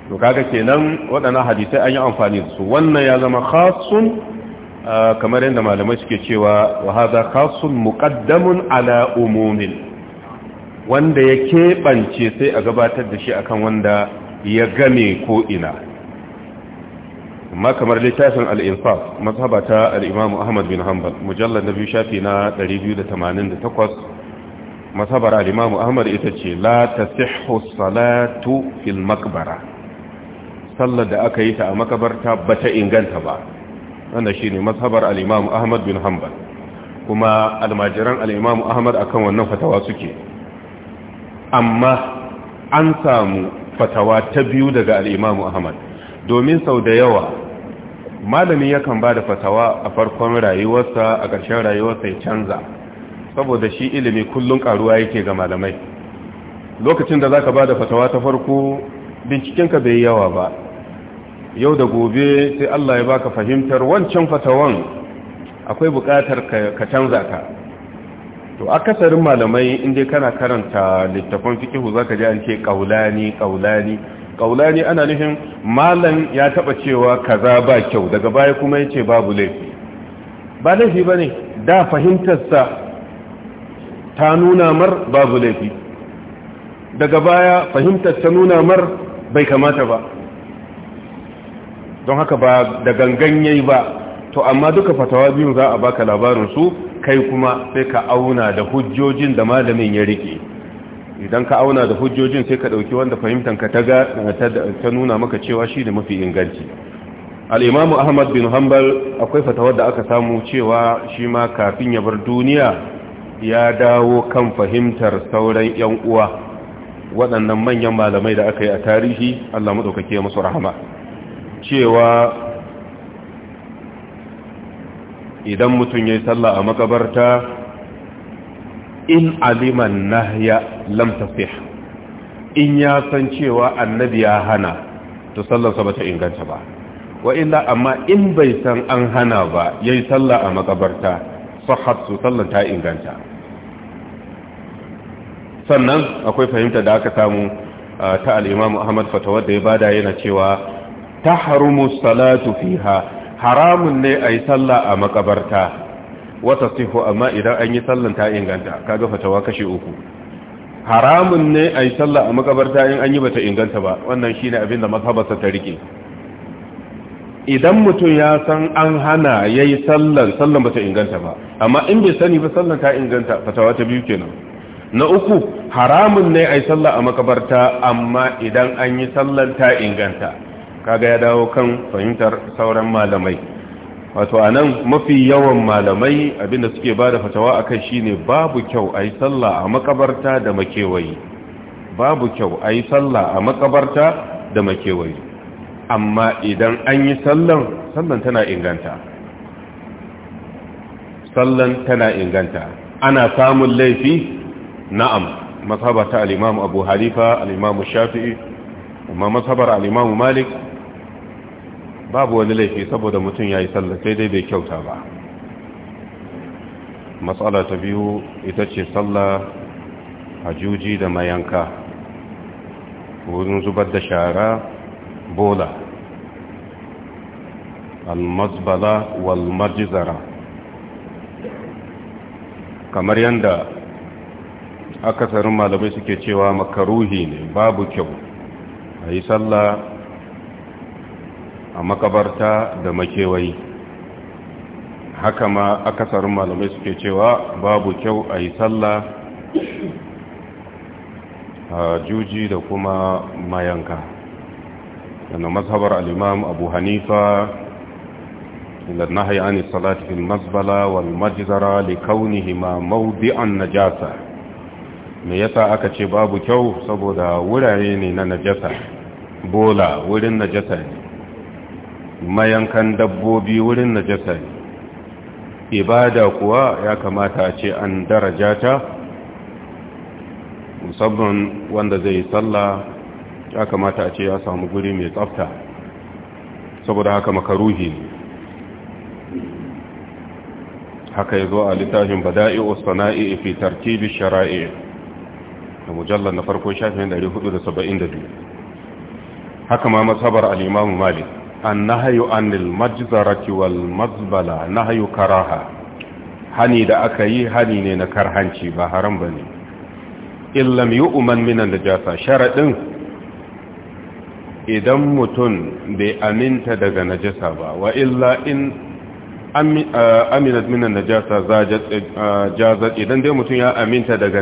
Speaker 1: to kaga kenan waɗannan hadisai an yi amfani da su wannan ya zama khassun kamar yadda malamai suke cewa wa hadha khasun muqaddamun ala umumin wanda ya keɓance sai a gabatar da shi akan wanda ya game ko ina amma kamar littafin al-infaq mazhabata al-imam Ahmad bin Hanbal mujallad na biyu shafi na 288 mazhabar al-imam Ahmad ita ce la tasihhu salatu fil maqbara sallar da aka yi ta a makabarta bata inganta ba wanda ne mazhabar al Ahmad bin Hanbal kuma almajiran al ahmad a kan wannan fatawa suke amma an samu fatawa ta biyu daga alimam Ahmad domin sau da yawa malami yakan ba da fatawa a farkon rayuwarsa a ƙarshen rayuwarsa ya canza saboda shi ilimi kullum ƙaruwa yake ga malamai lokacin da za ka ba da fatawa ta farko bincikenka bai yawa ba yau da gobe sai Allah ya baka fahimtar wancan fatawan akwai bukatar ka canza ka to akasarin malamai inda kana karanta littafin fiqh zaka ji an ce kaulani kaulani kaulani ana nufin malam ya taba cewa kaza ba kyau daga baya kuma yace babu laifi ba laifi bane da fahimtarsa ta nuna mar babu laifi daga baya fahimtar ta nuna mar bai kamata ba don haka ba da gangan yayi ba to amma duka fatawa biyu za a baka labarin su kai kuma sai ka auna da hujjojin da malamin ya rike idan ka auna da hujjojin sai ka dauki wanda fahimtan ka ta ta nuna maka cewa shi ne mafi inganci al-imamu ahmad bin hanbal akwai fatawar da aka samu cewa shi ma kafin ya bar duniya ya dawo kan fahimtar sauran yan uwa waɗannan manyan malamai da aka yi a tarihi Allah madaukake musu rahama cewa idan mutum ya yi sallah a makabarta in aliman nahya lamtafih. in ya san cewa annabi ya hana to sallarsa ba ta inganta ba wa illa amma in bai san an hana ba yayi sallah a makabarta sahhat su sallar ta inganta sannan akwai fahimta da aka samu ah, ta al-Imam Ahmad fatawa da ya bada yana cewa tahrumu salatu fiha haramun ne yi sallah a makabarta wata sihu amma idan an yi sallan ta inganta kaga fatawa kashi uku haramun ne yi sallah a makabarta in an yi bata inganta ba wannan shine abin da sa ta rike idan mutum ya san an hana ya yi sallan sallan bata inganta ba amma in bai sani ba sallan ta inganta fatawa ta biyu kenan na uku haramun ne a yi sallah a makabarta amma idan an yi sallan ta inganta kaga ya dawo kan fahimtar sauran malamai wato anan mafi yawan malamai abinda suke ba da fatawa a kai shine babu kyau a yi sallah a makabarta da makewayi babu kyau a yi sallah a makabarta da makewayi amma idan an yi sallan sallan tana inganta sallan tana inganta ana samun laifi na'am masabata al-imam abu halifa al-imam shafi'i amma masabar al-imam malik babu wani laifi saboda mutum ya yi sallah sai dai bai kyauta ba matsala ta biyu ita ce sallah a juji da mayanka wurin zubar da shara bola almazbala walmajizara kamar yadda akasarin malamai suke cewa makaruhi ne babu kyau a yi sallah a makabarta da makewayi haka ma akasarin malamai suke cewa babu kyau a yi sallah a juji da kuma mayanka yana mazhabar al'imam abu hanifa ilar na haya ne salatifin mazbala wal majizara likaunihi ma maudi'an najasa me yasa aka ce babu kyau saboda wurare ne na najasa bola wurin najasa ne mayankan dabbobi wurin najasa ne ibada kuwa ya kamata a ce an daraja ta musamman wanda zai yi sallah ya kamata a ce ya samu guri mai tsafta saboda haka makaruhi ne haka ya zo a littafin bada'i usana'i fi tartibi shara'i da mujallar na farko shafin 472 haka ma masabar a imamu malik annahayu anil majzarati wal mazbala nahayu karaha hani da aka yi hani ne na karhanci ba haram النجاسة شرط إذا minan بأمنت دا idan mutum bai aminta daga النجاسة ba wa illa in aminat minan najasa jazat idan dai mutum ya aminta daga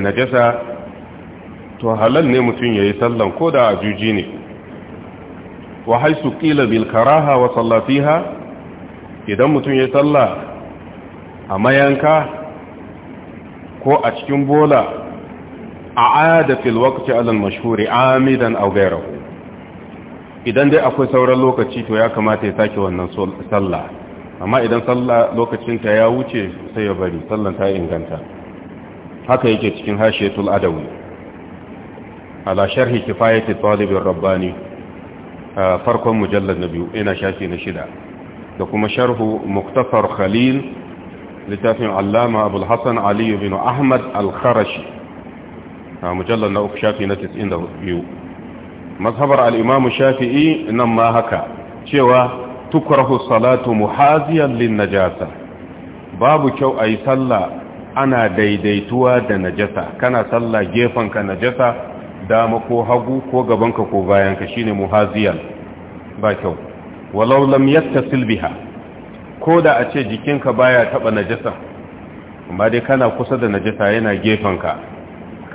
Speaker 1: to halal ne mutum yayi sallan koda ajuji ne wa haisu ƙila bil wa salla idan mutum ya salla a mayanka ko a cikin bola a ada fil waqti ala al amidan aw idan dai akwai sauran lokaci to ya kamata ya sake wannan sallah amma idan sallah lokacinta ya wuce sai ya bari sallar ta inganta haka yake cikin hashiyatul adawi ala sharhi kifayati talibir rabbani farkon mujallar na biyu ina shafi na shida da kuma sharhu muktasar khalil littafin allama abul hassan aliyu bin ahmad al-kharashi a mujallar na uku shafi na 92 mazhabar al'imamu shafi'i nan ma haka cewa tukwarhu salatu muhaziyar lin najasa babu kyau a yi sallah ana daidaituwa da najasa kana gefen ka najasa dama ko hagu ko gabanka ko bayanka shine muhaziyan ba kyau walau lam yattasil biha ko da a ce jikinka baya taba najasa amma dai kana kusa da najasa yana gefanka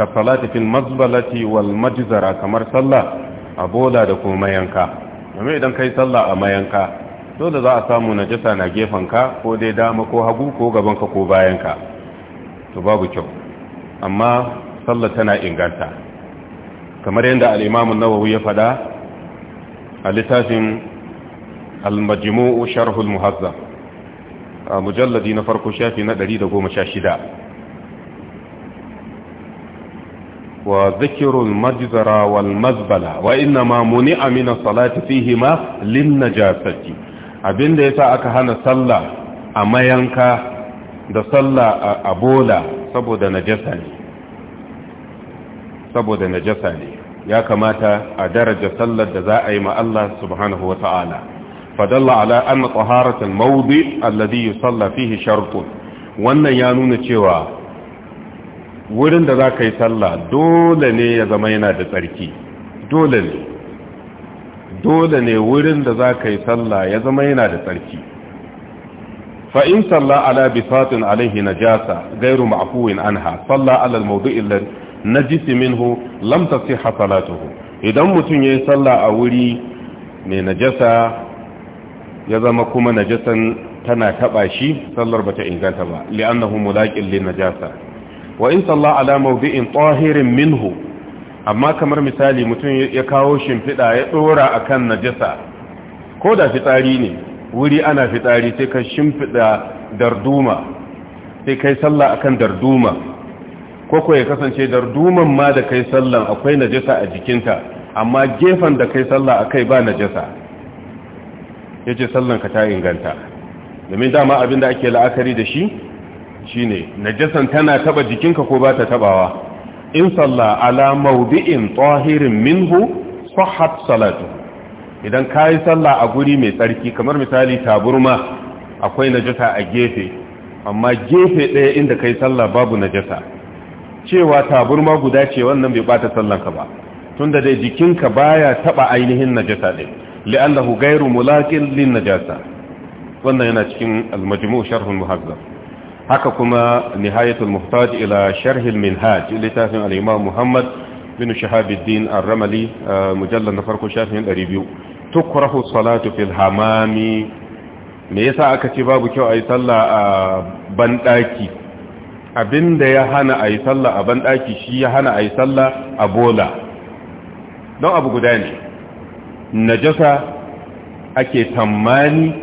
Speaker 1: ka salati fil mazbalati wal majzara kamar sallah a bola da kuma mayanka amma idan kai sallah a mayanka dole za a samu najasa na ka ko dai dama ko hagu ko gabanka ko bayanka to babu kyau amma sallah tana inganta kamar yadda al'imamun nawawi ya fada a littafin al sharhul muhazza a mujalladi na farko shafi na 116 wa zikirul majzara wal mazbala wa inna ma muni amina salati fihi ma lin najasati abinda yasa aka hana sallah a mayanka da sallah a bola saboda najasa ne saboda najasa ne ya kamata a daraja sallar da za a yi ma Allah subhanahu wa ta'ala fadalla ala anna taharatul mawdi alladhi yusalla fihi shartun wannan ya nuna cewa wurin da za ka yi sallah dole ne ya zama yana da tsarki dole ne dole ne wurin da za ka yi sallah ya zama yana da tsarki fa in salla ala bisatin alaihi najasa ghairu ma'fuwin anha salla ala al-mawdi' alladhi najisi minhu lam tasihha salatuhu idan mutum yayi sallah a wuri mai najasa ya zama kuma najasan tana taɓa shi sallar bata inganta ba li'annahu mulaqin li najasa wa in salla ala mawdi'in tahirin minhu amma kamar misali mutum ya kawo shimfiɗa ya ɗora a kan najasa ko da fitsari ne wuri ana fitsari sai ka shimfiɗa darduma sai yi sallah a kan darduma ko ya kasance darduman ma da kai sallan akwai najasa a jikinta amma gefen da kai sallah akai ba najasa yace sallan ka ta inganta domin dama abin da ake la'akari da shi shine najasan tana taba jikinka ko ba ta tabawa in salla ala mawdi'in tahirin minhu sahhat salatu idan kai sallah a guri mai tsarki kamar misali taburma akwai najasa a gefe amma gefe ɗaya inda kai sallah babu najasa cewa taburma guda ce wannan bai bata sallanka ba tunda dai jikinka baya taba ainihin najasa din li'annahu ghayru mulaqin lin najasa wannan yana cikin al-majmu' sharh al haka kuma nihayatul muhtaj ila sharh al-minhaj littafin al-imam muhammad bin shahabuddin ar-ramli mujallar na farko shafin 200 tukrahu salatu fil hamami me yasa aka ce babu kyau ayi sallah a bandaki abinda ya hana a yi sallah a banɗaki shi ya hana a yi sallah a bola don abu guda ne najasa ake tammani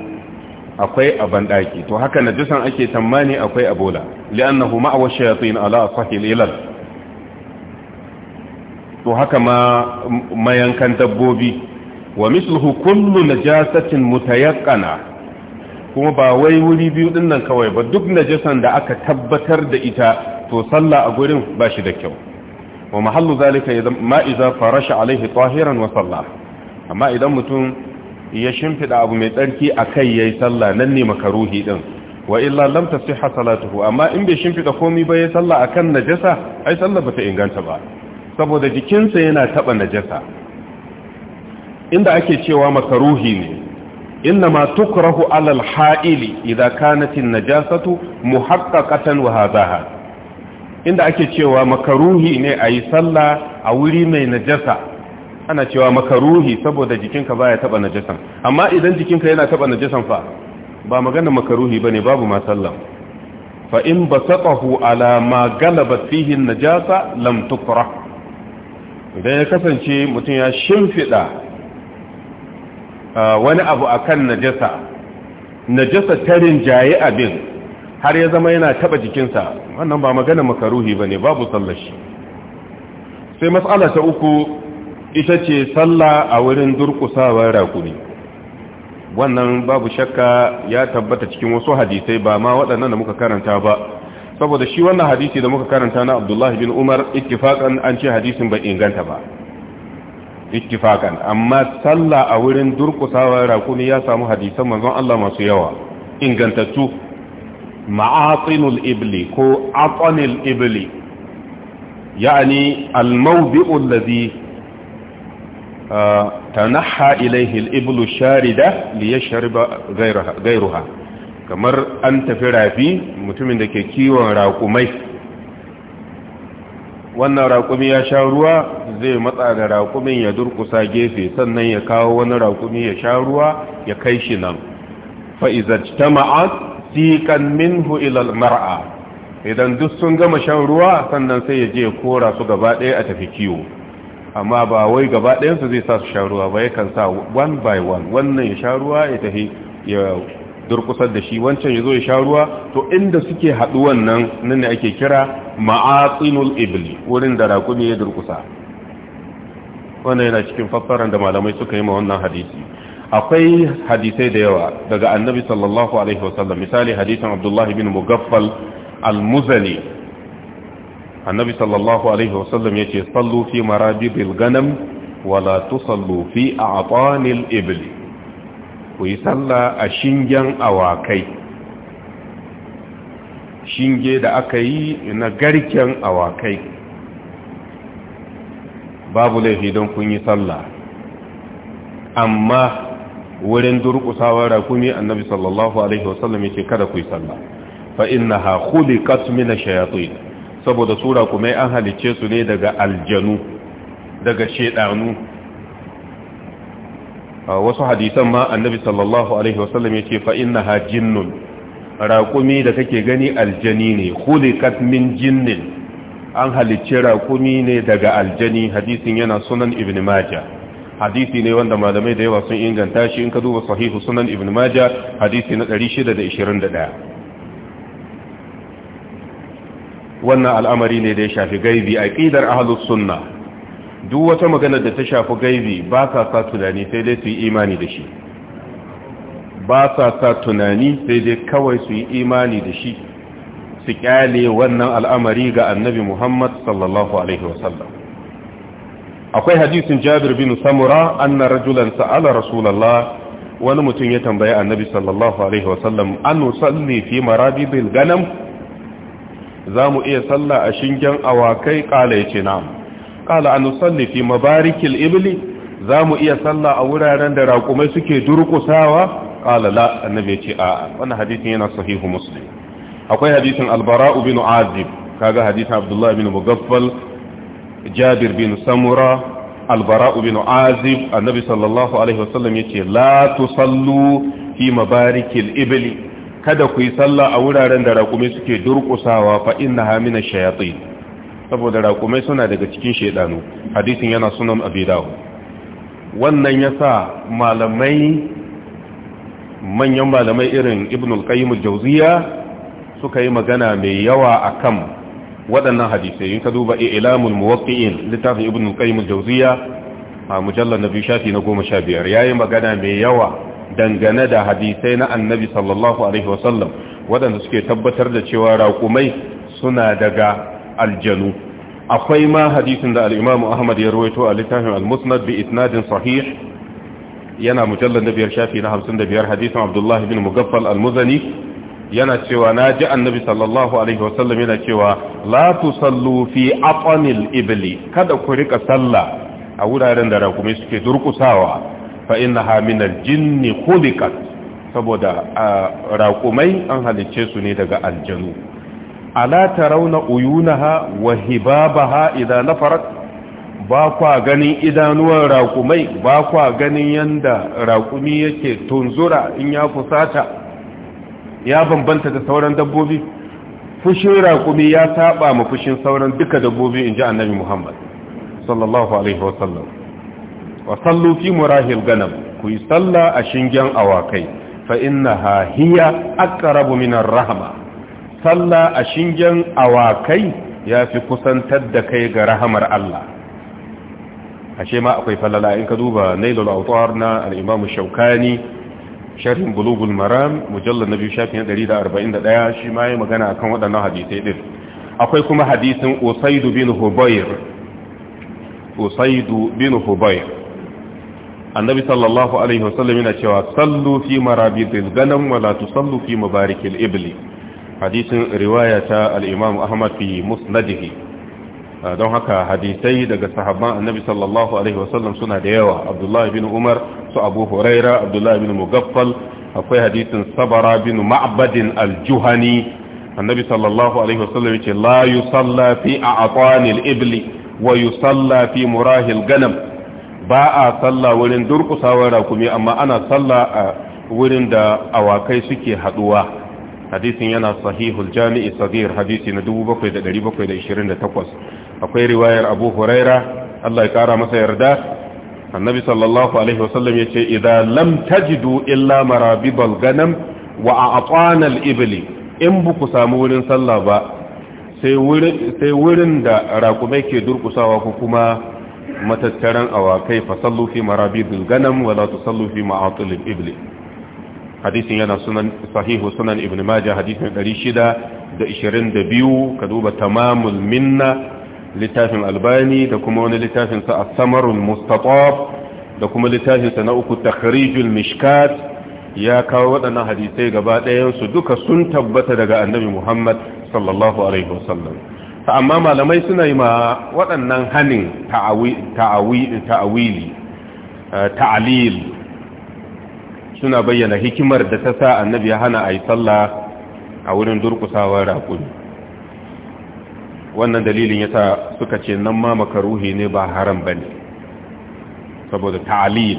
Speaker 1: akwai a banɗaki to haka najasan ake tammani akwai a bola li'annahu ma'awa shayatin ala sahil ilal to haka ma mayankan dabbobi wa misluhu kullu najasatin mutayaqqana kuma ba wai wuri biyu din nan kawai ba duk najasan da aka tabbatar da ita to sallah a gurin ba shi da kyau wa mahallu zalika idan ma farasha alaihi tahiran wa salla amma idan mutum ya shimfida abu mai tsarki a akai yayi sallah nan ne makaruhi din wa illa lam tasihha salatuhu amma in bai shimfida komai ba ya sallah akan najasa ai sallah ba ta inganta ba saboda jikinsa yana taba najasa inda ake cewa makaruhi ne إنما تكره على الحائل إذا كانت النجاسة محققة wahazaha. inda ake cewa makaruhi ne a yi sallah a wuri mai najasa ana cewa makaruhi saboda jikinka baya taba najasan amma idan jikinka yana taba najasan fa ba magana makaruhi bane babu ma sallah fa in basatahu ala ma galabat fihi najasa lam tukrah idan ya kasance mutum ya shimfiɗa. wani abu akan najasa najasa tarin jaye abin har ya zama yana taba jikinsa wannan ba magana makaruhi ne, babu sallar sai matsala ta uku ita ce sallah a wurin durkusawar rakuni wannan babu shakka ya tabbata cikin wasu hadisai ba ma waɗannan da muka karanta ba saboda shi wannan hadisi da muka karanta na Abdullahi bin Umar ittifaqan an ce hadisin bai inganta ba ittifakan amma sallah a wurin durkusawa raƙumi ya samu hadisan manzon Allah masu yawa ingantattu ma'atinul ibli ko aqanil ibli yani al-mawdi'u allazi uh, tanahha ilayhi al-iblu sharida liyashriba ghayruha kamar an tafi rafi mutumin da ke kiwon raƙumai wannan raƙumi ya sha ruwa zai matsa da raƙumin ya durkusa gefe sannan ya kawo wani raƙumi ya sha ruwa ya kai shi nan fa'izaj ta ma'az siƙan minhu ilal mar'a idan duk sun gama shan ruwa sannan sai ya je kora su gaba ɗaya a tafi kiwo amma ba wai gaba ɗayansu zai sa su sha ruwa ba yakan sa one by one wannan ya sha ruwa ya tafi ya durkusar da shi wancan ya zo ya sha ruwa to inda suke haɗu wannan nan ne ake kira ma'atsinul ibli wurin da rakumi ya durkusa wannan yana cikin fassarar da malamai suka yi ma wannan hadisi akwai hadisai da yawa daga annabi sallallahu alaihi wasallam misali hadisin abdullahi bin mugaffal al-muzani annabi sallallahu alaihi wasallam yace sallu fi marabibil ganam wala tusallu fi a'tanil ibli ku yi sallah a shingen awakai shinge da aka yi na garken awakai babu laifi don kun yi sallah amma wurin durƙusawar rakumi annabi sallallahu alaihi wasallam yake kada ku yi sallah fa innaha khuliqat min ash-shayatin saboda sura kuma an halice su ne daga aljanu daga shedanu wasu hadisan ma annabi sallallahu alaihi wasallam yake fa innaha jinnun rakumi da kake gani aljani ne khuliqat min jinnin an halicce raƙumi ne daga aljani hadisin yana sunan ibn majah hadisi ne wanda malamai da yawa sun inganta shi in ka duba sahihu sunan ibn majah hadisi na 621 wannan al'amari ne da ya shafi gaibi aqidar ahlus sunna duk wata magana da ta shafi gaibi ba sa sa tunani sai dai su yi imani da shi ba sa sa tunani sai dai kawai su yi imani da shi su kyale wannan al'amari ga annabi Muhammad sallallahu Alaihi wasallam. Akwai hadisin Jabir bin Samura anna rajulan sa'ala Rasulallah wani mutum ya tambaye annabi sallallahu Alaihi wasallam an nusalli fi maradi bil ganam za mu iya salla a shingen awakai ƙala ya ce na'am. Ƙala an nusalli fi mabarikil ibili, za mu iya salla a wuraren da raƙumai suke durƙusawa ƙala la annabi ya ce a'a Wani hadisin yana sahihu muslim. akwai hadisin albara'u bin azib kaga hadisin abdullahi bin mugaffal jabir bin samura albara'u bin azib annabi sallallahu alaihi wasallam yace la tusallu fi mabarikil ibli kada ku yi sallah a wuraren da raƙumi suke durƙusawa fa innaha min ash-shayatin saboda raƙumai suna daga cikin shedanu hadisin yana sunan abi wannan yasa malamai manyan malamai irin ibnul qayyim al suka yi magana mai yawa a kan waɗannan hadisai in ka duba ilamun muwaqqi'in littafin ibn qayyim al-jawziya a mujallar na biyu shafi na goma sha biyar ya yi magana mai yawa dangane da hadisai na annabi sallallahu alaihi wasallam waɗanda suke tabbatar da cewa raƙumai suna daga aljanu akwai ma hadisin da al ahmad ya rawaito a littafin al-musnad bi isnadin sahih yana mujallar na biyar shafi na hamsin da biyar hadisin abdullahi bin mugaffal al-muzani yana cewa na ji annabi sallallahu alaihi wasallam yana cewa la tusallu fi aqanil ibli kada ku rika sallah a wuraren da rakumi suke durkusawa fa innaha min aljinn khuliqat saboda rakumai an halice su ne daga aljanu ala tarawna uyunaha wa hibabaha idza nafarat ba kwa ganin idanuwan rakumai ba kwa ganin yanda rakumi yake tunzura in ya fusata ya bambanta da sauran dabbobi fushin raƙumi ya saba ma fushin sauran duka dabbobi in ji annabi muhammad sallallahu alaihi wasallam wa sallu fi murahil ganam ku yi salla a shingen awakai fa hahiya hiya aqrabu min rahma salla a shingen awakai ya fi kusantar da kai ga rahamar Allah ashe ma akwai falala in ka duba nailul autar na al-imam shaukani sharhin bulugul maram mujallar na biyu shafin 141 shi ma yi magana akan waɗannan hadisai ɗin akwai kuma hadisin usaidu bin hubair usaidu bin annabi sallallahu alaihi wasallam yana cewa sallu fi marabidil ganam wala tusallu fi mabarikil ibli hadisin riwaya ta al-imam ahmad fi musnadihi Ah, don haka hadisai daga sahabban annabi sallallahu alaihi wasallam suna da yawa abdullahi bin umar su abu huraira abdullahi bin mugaffal akwai hadisin sabara bin ma'badin aljuhani annabi sallallahu alaihi wasallam yace la yusalla fi a'tanil ibli wa yusalla fi murahil ganam ba a salla wurin durkusawar rakumi amma ana salla a wurin da awakai suke haduwa hadisin yana sahihul jami'i sagir hadisi na 7728 akwai riwayar abu huraira Allah ya kara masa yarda annabi sallallahu alaihi wasallam ya ce idan lam tajidu illa marabibal ganam wa a'tana ibli in buku samu wurin sallah ba sai wurin da rakumai ke durkusawa ko kuma matattaran awakai fa sallu fi marabibil ganam wa la tusallu fi ma'atil ibli hadisin yana sunan sahihu sunan ibn majah hadisin 622 ka duba tamamul minna littafin albani da kuma wani littafin sa as da kuma littafin sa na uku takhrijul mishkat ya kawo waɗannan hadisai gaba ɗayansu duka sun tabbata daga annabi Muhammad sallallahu alaihi wasallam amma malamai suna yi ma waɗannan hannun ta'awili eh, ta'alil suna bayyana hikimar da ta sa annabi ya hana a yi sallah a wurin durkusawar raƙuni wannan dalilin yasa suka ce nan ma makaruhi ne ba haram bane saboda ta'lil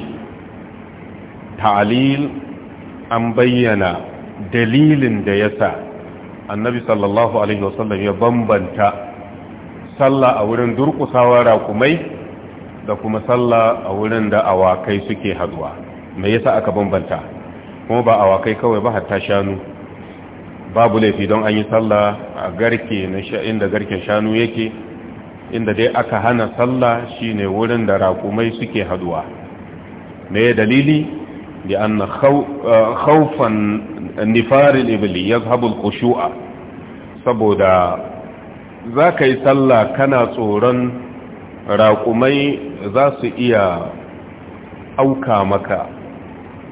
Speaker 1: ta'lil an bayyana dalilin da yasa annabi sallallahu alaihi wasallam ya bambanta sallah a wurin durƙusawa raƙumai da kuma sallah a wurin da awakai suke haduwa me yasa aka bambanta kuma ba awakai kawai ba hatta shanu babu laifi don an yi sallah a garke na inda garken shanu yake inda dai aka hana sallah shine wurin da raƙumai suke haduwa me dalili da an eh, khawfan nifarin ibli yazhabu al-khushu'a saboda zaka yi sallah kana tsoron raƙumai za su iya auka maka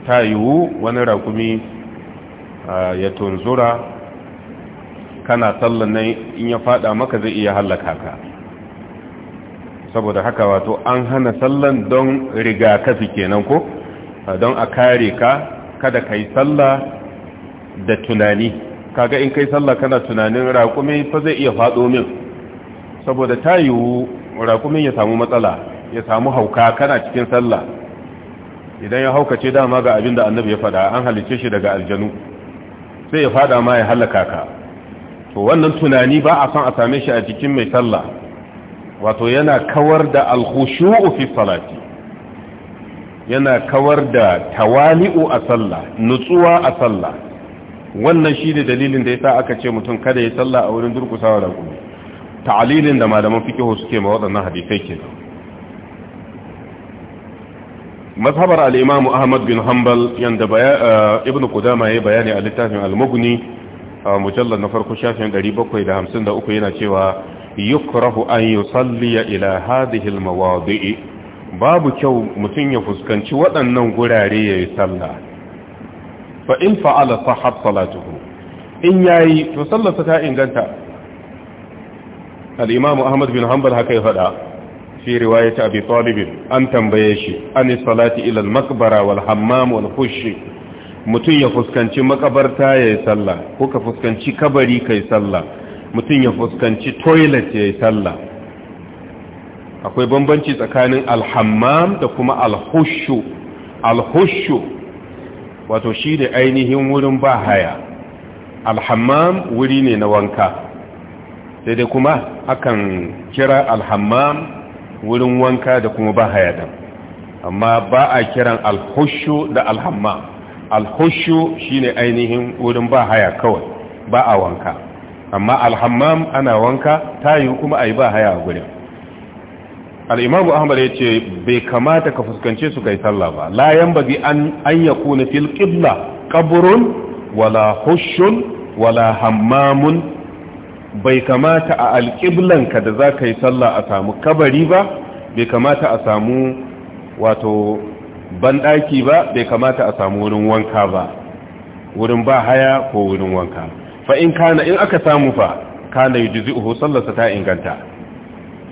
Speaker 1: ta yiwu wani raƙumi ya tunzura kana sallan nan in ya fada maka zai iya hallaka ka saboda haka wato an hana sallan don riga kafi kenan ko don a kare ka kada kai yi sallah da tunani kaga in kai sallah kana tunanin raƙumi fa zai iya faɗo min saboda ta yiwu raƙumin ya samu matsala ya samu hauka kana cikin salla idan ya haukace dama ga abin annabi ya faɗa an halice shi daga aljanu sai ya fada ma ya halaka ka to wannan tunani ba a son a same shi a jikin mai sallah wato yana kawar da alkhushu'u fi salati yana kawar da tawali'u a sallah nutsuwa a sallah wannan shi ne dalilin da yasa aka ce mutum kada ya sallah a wurin durkusawa da kuma ta'alilin da malaman fiqh suke ma waɗannan hadisai kenan mazhabar al'imamu ahmad bin hanbal yadda uh, ibn kudama ya yi bayani a littafin almugni a mujallar na farko shafin 753 yana cewa yukrahu an yusalliya ila hadhihi almawadi'i babu kyau mutum ya fuskanci waɗannan gurare yayi sallah fa in fa'ala sahhat salatuhu in yayi to sallarsa ta inganta al-imamu ahmad bin hanbal haka ya faɗa fi riwayat abi talib an tambaye shi an salati ila al-maqbara wal hammam wal khush mutum ya fuskanci makabarta yayi salla ko ka fuskanci kabari kai salla mutum ya fuskanci toilet yayi salla akwai bambanci tsakanin al da kuma al alhushu wato shi ne ainihin wurin ba haya alhammam wuri ne na wanka sai dai kuma akan kira alhammam wurin wanka da kuma ba hayadan amma ba a kiran alhushu da alhamma alhushu shine ainihin wurin ba haya kawai ba a wanka amma alhammam ana wanka tayi kuma ai ba haya gurin gurin al'imamu ahmad ya ce bai kamata ka fuskance su kai sallah ba layan bagi an ya kuna fil qibla qabrun wala hushun wala hammamun bai kamata a ka da za ka yi sallah a samu kabari ba bai kamata a samu wato banɗaki ba bai kamata a samu wurin wanka ba wurin ba haya ko wurin wanka fa in kana in aka samu fa kana uhu sallarsa ta inganta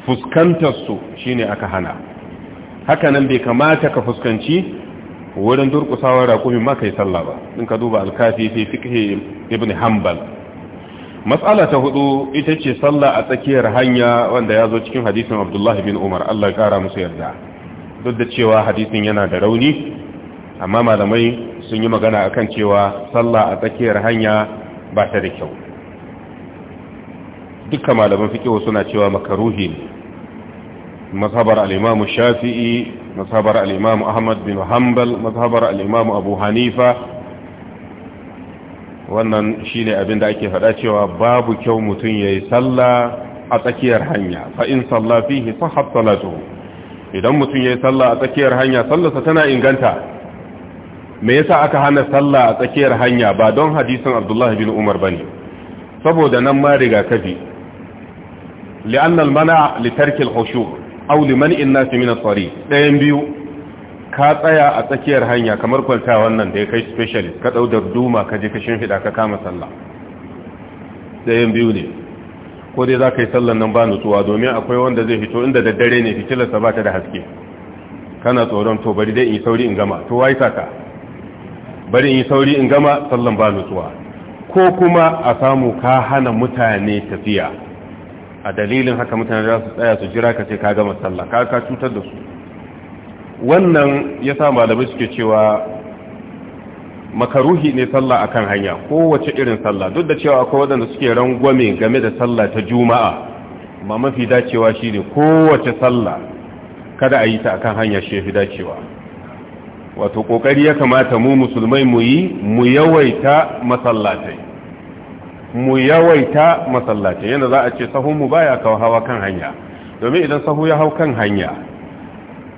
Speaker 1: fuskantar su ne aka hana hakanan bai kamata ka fuskanci wurin durƙusawar rakumin ma yi sallah ba in ka duba alkafi fi ibn hanbal matsala ta hudu ita ce sallah a tsakiyar hanya wanda ya zo cikin hadisin abdullahi bin umar allah kara musu yarda duk da cewa hadisin yana da rauni amma malamai sun yi magana akan cewa sallah a tsakiyar hanya ba ta da kyau dukkan malaman fikiwa suna cewa makaruhi ne mazhabar shafi'i mazhabar alimamu ahmad bin hanbal mazhabar alimamu abu hanifa wannan shine abin da ake faɗa cewa babu kyau mutum yayi sallah a tsakiyar hanya fa in salla fihi sahhat salatuhu idan mutum yayi sallah a tsakiyar hanya sallarsa tana inganta me yasa aka hana sallah a tsakiyar hanya ba don hadisin Abdullah bin Umar bane saboda nan ma rigakafi li'anna al-mana' li tarki al-khushu' aw man'i an-nas biyu ka tsaya a tsakiyar hanya kamar kwalta wannan da ya kai specialist ka ɗau da duma ka je kashin fiɗa ka kama sallah ɗayan biyu ne ko dai za ka yi sallan nan ba nutsuwa domin akwai wanda zai fito inda daddare ne fitilarsa ba ta da haske kana tsoron to bari dai in yi sauri in gama to wai saka bari in yi sauri in gama sallan ba nutsuwa ko kuma a samu ka hana mutane tafiya a dalilin haka mutane za su tsaya su jira ka ce ka gama sallah ka ka cutar da su wannan ya sa malamai suke cewa makaruhi ne sallah akan hanya kowace irin sallah duk da cewa akwai waɗanda suke rangwame game da sallah ta juma'a ma mafi dacewa shi ne, kowace sallah kada a yi ta akan hanya shi ya fi dacewa wato ƙoƙari ya kamata mu musulmai mu yi mu yawaita masallatai mu yawaita masallatai Yana za a ce sahun mu baya kawo hawa kan hanya domin idan sahu ya hau kan hanya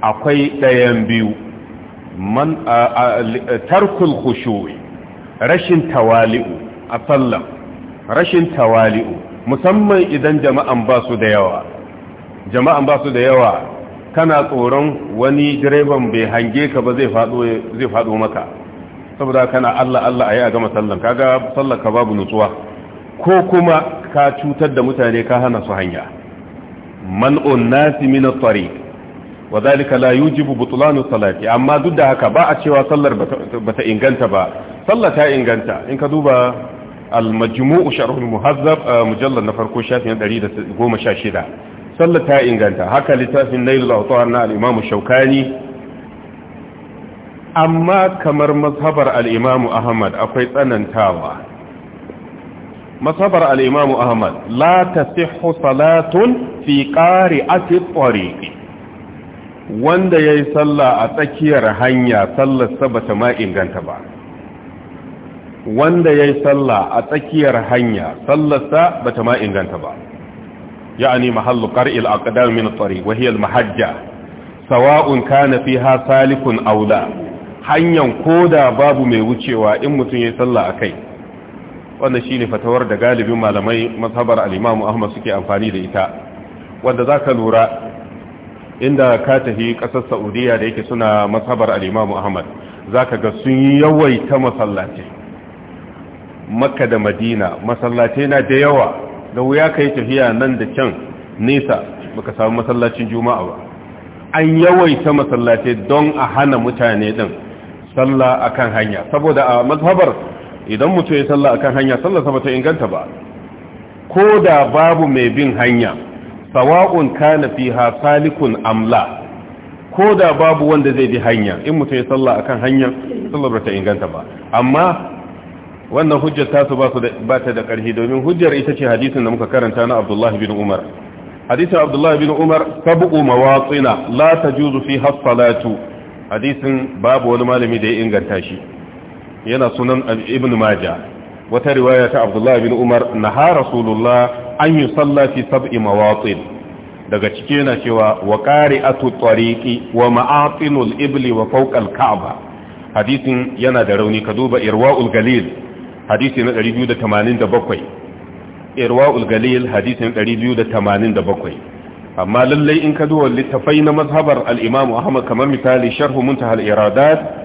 Speaker 1: akwai ɗayan biyu tarkul khushu'i rashin tawali'u a Sallam, rashin tawali'u musamman idan jama'an ba su da yawa jama'an ba su da yawa kana tsoron wani direban bai hange ka ba zai faɗo maka saboda kana Allah Allah a yi a gama sallan kaga sallan ka babu nutsuwa ko kuma ka cutar da mutane ka hana su hanya man'un nasi min wa zalika la yujibu butlanu salati amma duk da haka ba a cewa sallar bata inganta ba Sallar ta inganta in ka duba al-majmu'u sharh al-muhazzab mujallad na farko shafin 116 Sallar ta inganta haka littafin nailul awtar na al-imam shaukani amma kamar mazhabar al-imam ahmad akwai tsanantawa mazhabar al-imam ahmad la tasihhu salatun fi qari'ati at-tariqi wanda ya yi sallah a tsakiyar hanya sallarsa ba ta ma inganta ba wanda ya yi sallah a tsakiyar hanya sallarsa ba ta inganta ba ya'ani mahallu qar'il aqdam min at wahiyar mahajja sawa'un kana fiha salikun Aula hanyar ko da babu mai wucewa in ya yayi sallah a wanda shi shine fatawar da galibin malamai mazhabar al Ahmad suke amfani da ita wanda ka lura inda ka tafi ƙasar saudiya da yake suna masabar al'imamu ahmad za ka ga sun yawaita masallaci makka da madina masallaci na da yawa da wuya ka yi tafiya nan da can nesa baka samu masallacin juma'a ba an yawaita masallaci don a hana mutane din sallah akan hanya saboda a mazhabar idan mutum ya sallah akan hanya sallah sama ta inganta ba ko da babu mai bin hanya sawa'un kana fiha salikun amla ko da babu wanda zai bi hanya in mutum ya salla akan hanya sallar ba ta inganta ba amma wannan hujjar tasu ba ta da ƙarfi domin hujjar ita ce hadisin da muka karanta na abdullahi bin umar hadisin abdullahi bin umar sabu mawatsina la tajuzu fi hasalatu hadisin babu wani malami da ya inganta shi yana sunan ibn majah wata riwaya ta abdullah bin umar na ha rasulullah an yi sallafi sab'i mawatsin daga cike yana cewa wa qari'atu tariqi wa ma'atinul ibli wa fawqal ka'aba hadisin yana da rauni ka duba irwaul galil hadisi na 287 irwaul galil hadisi na 287 amma lallai in ka duba littafai na mazhabar al-imam ahmad kamar misali sharhu muntaha iradat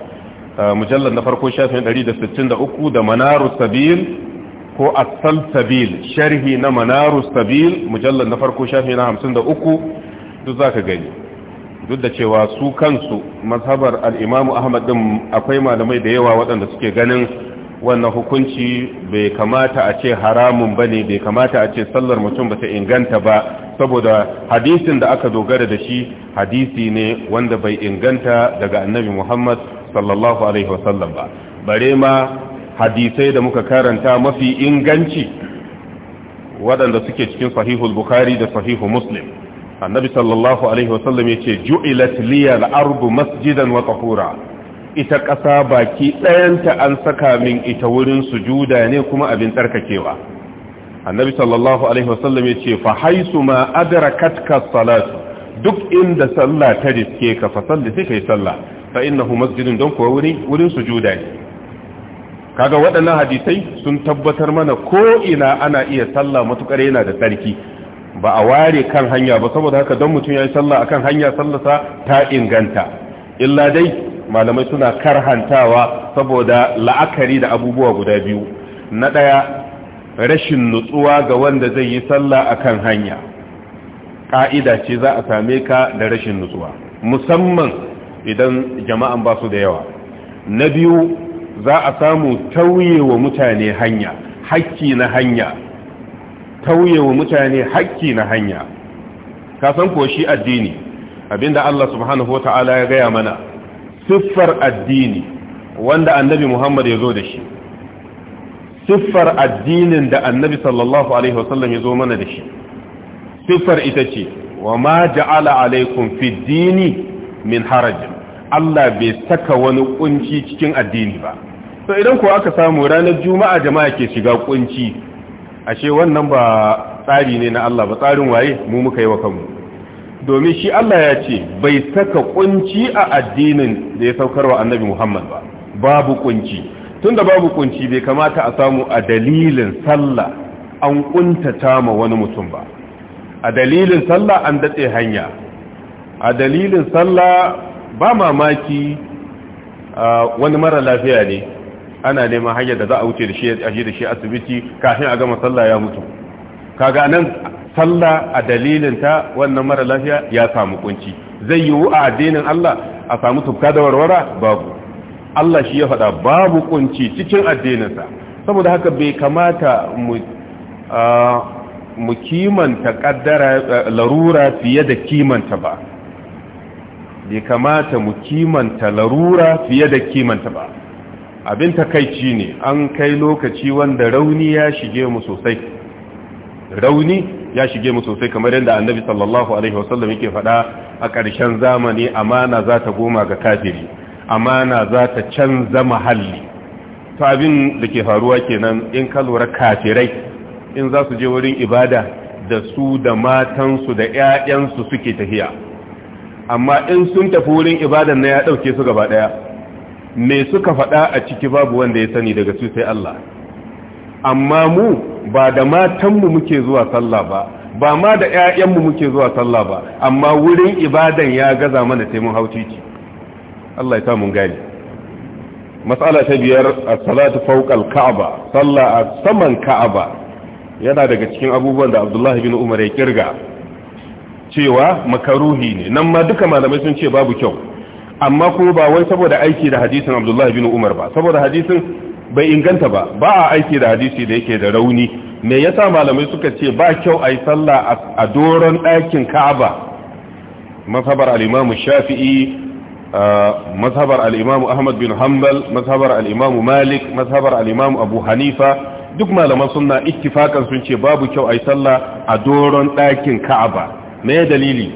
Speaker 1: mujallar na farko shafin 163 da manaru sabil ko asal sabil sharhi na manaru sabil mujallar na farko shafin na 53 duk za ka gani duk da cewa su kansu mazhabar al'imamu ahmad din akwai malamai da yawa waɗanda suke ganin wannan hukunci bai kamata a ce haramun ba ne bai kamata a ce sallar mutum ba ta inganta ba saboda hadisin da aka dogara da shi hadisi ne wanda bai inganta daga annabi muhammad sallallahu alaihi wasallam ba bare ma hadisai da muka karanta mafi inganci waɗanda suke cikin sahihul bukhari da sahihu muslim annabi sallallahu alaihi wasallam ya ce ju'ilat liyal ardu masjidan wa tahura ita ƙasa baki ɗayanta an saka min ita wurin sujuda ne kuma abin tsarkakewa annabi sallallahu alaihi wasallam ya ce fa haisu ma adrakatka salatu duk inda sallah ta riske ka fa salli sai kai sallah fa innahu masjidun don kuwa wurin sujuda ne kaga waɗannan hadisai sun tabbatar mana ko ina ana iya sallah matukar yana da tsarki ba a ware kan hanya ba saboda haka don mutum ya yi sallah akan hanya sallasa ta inganta illa dai malamai suna karhantawa saboda la'akari da abubuwa guda biyu na ɗaya rashin nutsuwa ga wanda zai yi sallah akan hanya ƙa'ida ce za a same ka da rashin nutsuwa musamman idan jama'an ba su da yawa na biyu za a samu tauye wa mutane hanya hakki na hanya tauye wa mutane haƙƙi na hanya ka san ko shi addini abinda Allah subhanahu wata'ala ya gaya mana siffar addini wanda annabi Muhammad ya zo da shi siffar addinin da annabi sallallahu alaihi wasallam ya zo mana da shi siffar ita ce wa ma ja'ala alaikum fi dini min harajin Allah bai saka wani kunci cikin addini ba So idan ko aka samu ranar juma'a jama'a ke shiga kunci ashe wannan ba tsari ne na Allah ba tsarin waye mu muka yi wa kanmu domin shi Allah ya ce bai saka kunci a addinin da ya saukarwa annabi Muhammad ba babu kunci tunda babu kunci bai kamata a samu a dalilin sallah an kuntata ma wani mutum ba a dalilin sallah an datse hanya a dalilin sallah ba mamaki wani mara lafiya ne ana neman hanyar da za a wuce da shi a da shi asibiti kafin a gama sallah ya mutu kaga nan sallah a dalilin ta wannan mara lafiya ya samu kunci zai yiwu a addinin Allah a samu tufka da warwara babu Allah shi ya faɗa babu kunci cikin addininsa saboda haka bai kamata mu mu kimanta kaddara larura fiye da kimanta ba bai kamata mu kimanta larura fiye da kimanta ba abin takaici ne an kai lokaci wanda rauni ya shige mu sosai rauni ya shige mu sosai kamar yadda annabi sallallahu alaihi wasallam yake faɗa a ƙarshen zamani amana za ta goma ga kafiri amana za ta canza mahalli Ta abin da ke faruwa kenan in ka kafirai in za su je wurin ibada da su da matansu da 'ya'yansu suke tafiya amma in sun tafi wurin ibadan na ya ɗauke su gaba ɗaya me suka faɗa a ciki babu wanda ya sani daga su sai Allah amma mu ba da matanmu muke zuwa sallah ba ba ma da ƴaƴanmu muke zuwa sallah ba amma wurin ibadan ya gaza mana sai mun hauci ci Allah ya sa mun gane mas'ala ta biyar as-salatu fawqa al-ka'ba sallah a saman ka'aba yana daga cikin abubuwan da Abdullah bin Umar ya kirga cewa makaruhi ne nan ma duka malamai sun ce babu kyau amma ko ba wai saboda aiki da hadisin abdullahi bin umar ba saboda hadisin bai inganta ba ba a aiki da hadisi da yake da rauni me yasa malamai suka ce ba kyau a yi sallah a doron ɗakin ka'aba mazhabar al'imamu shafi'i uh, mazhabar al'imamu ahmad bin hanbal mazhabar al'imamu malik mazhabar al'imamu abu hanifa duk malaman suna ittifakan sun ce babu kyau a yi sallah a doron ɗakin ka'aba me dalili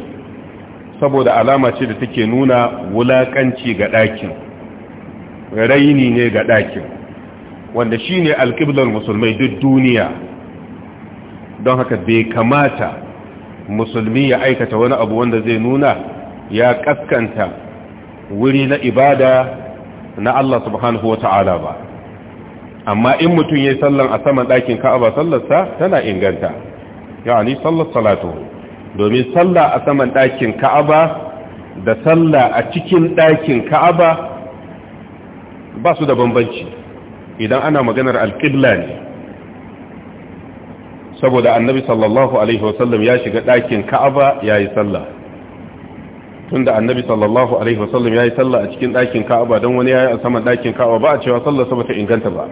Speaker 1: saboda alama ce da take nuna wulakanci ga ɗakin raini ne ga ɗakin wanda shi ne alƙiblar musulmai duk duniya don haka bai kamata musulmi ya aikata wani abu wanda zai nuna ya kaskanta wuri na ibada na Allah subhanahu wata'ala ba amma in mutum ya yi sallan a saman ɗakin ka'aba sallarsa tana inganta yani sallar salatu domin sallah a saman ɗakin ka'aba da sallah a cikin ɗakin ka'aba ba su da bambanci idan ana maganar alƙibla ne saboda annabi sallallahu alaihi wasallam ya shiga ɗakin ka'aba ya yi sallah tunda annabi sallallahu alaihi wasallam ya yi sallah a cikin ɗakin ka'aba don wani ya yi a saman ɗakin ka'aba ba a cewa sallah saboda inganta ba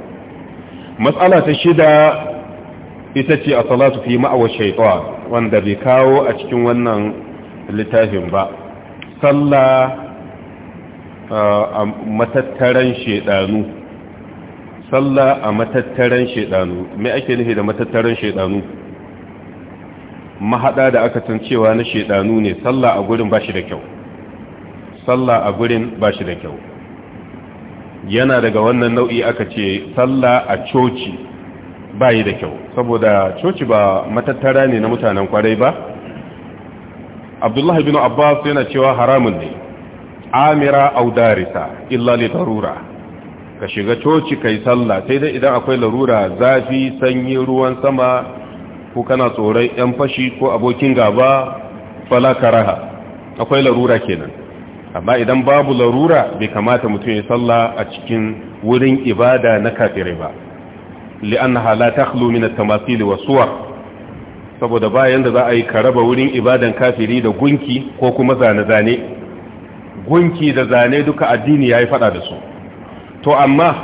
Speaker 1: matsala ta shida ita ce a salatu fi ma'awar shaitan wanda bai kawo a cikin wannan littafin ba sallah a matattaran shaidanu sallah a matattaran shaidanu mai ake nufi da matattaran shaidanu mahada da aka san cewa na shaidanu ne sallah a gurin ba shi da kyau sallah a gurin ba shi da kyau yana daga wannan nau'i aka ce sallah a coci Ba yi da kyau saboda coci ba matattara ne na mutanen kwarai ba abdullahi bin abbas yana cewa haramun ne amira audarisa illa li tarura ka shiga coci kai sallah sai dai idan akwai larura zafi sanyi ruwan sama ko kana tsoron yan fashi ko abokin gaba fala karaha akwai larura kenan amma idan babu larura bai kamata mutum ya sallah a cikin wurin ibada na kafirai ba li'annaha la takhlu min at-tamathil wa suwar saboda bayan da za a yi ka raba wurin ibadan kafiri da gunki ko kuma zane-zane gunki da zane duka addini yayi fada da su to amma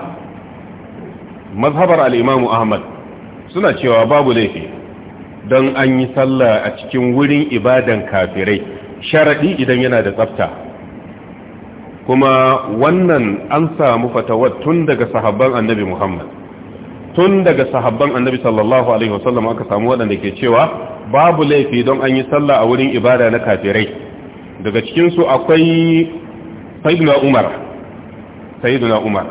Speaker 1: mazhabar al-imamu ahmad suna cewa babu laifi don an yi sallah a cikin wurin ibadan kafirai sharaɗi idan yana da tsafta kuma wannan an samu fatawar tun daga sahabban annabi muhammad tun daga sahabban annabi sallallahu alaihi wasallam aka samu waɗanda ke cewa babu laifi don an yi sallah a wurin ibada na kafirai daga cikinsu akwai sayyiduna umar sayyiduna umar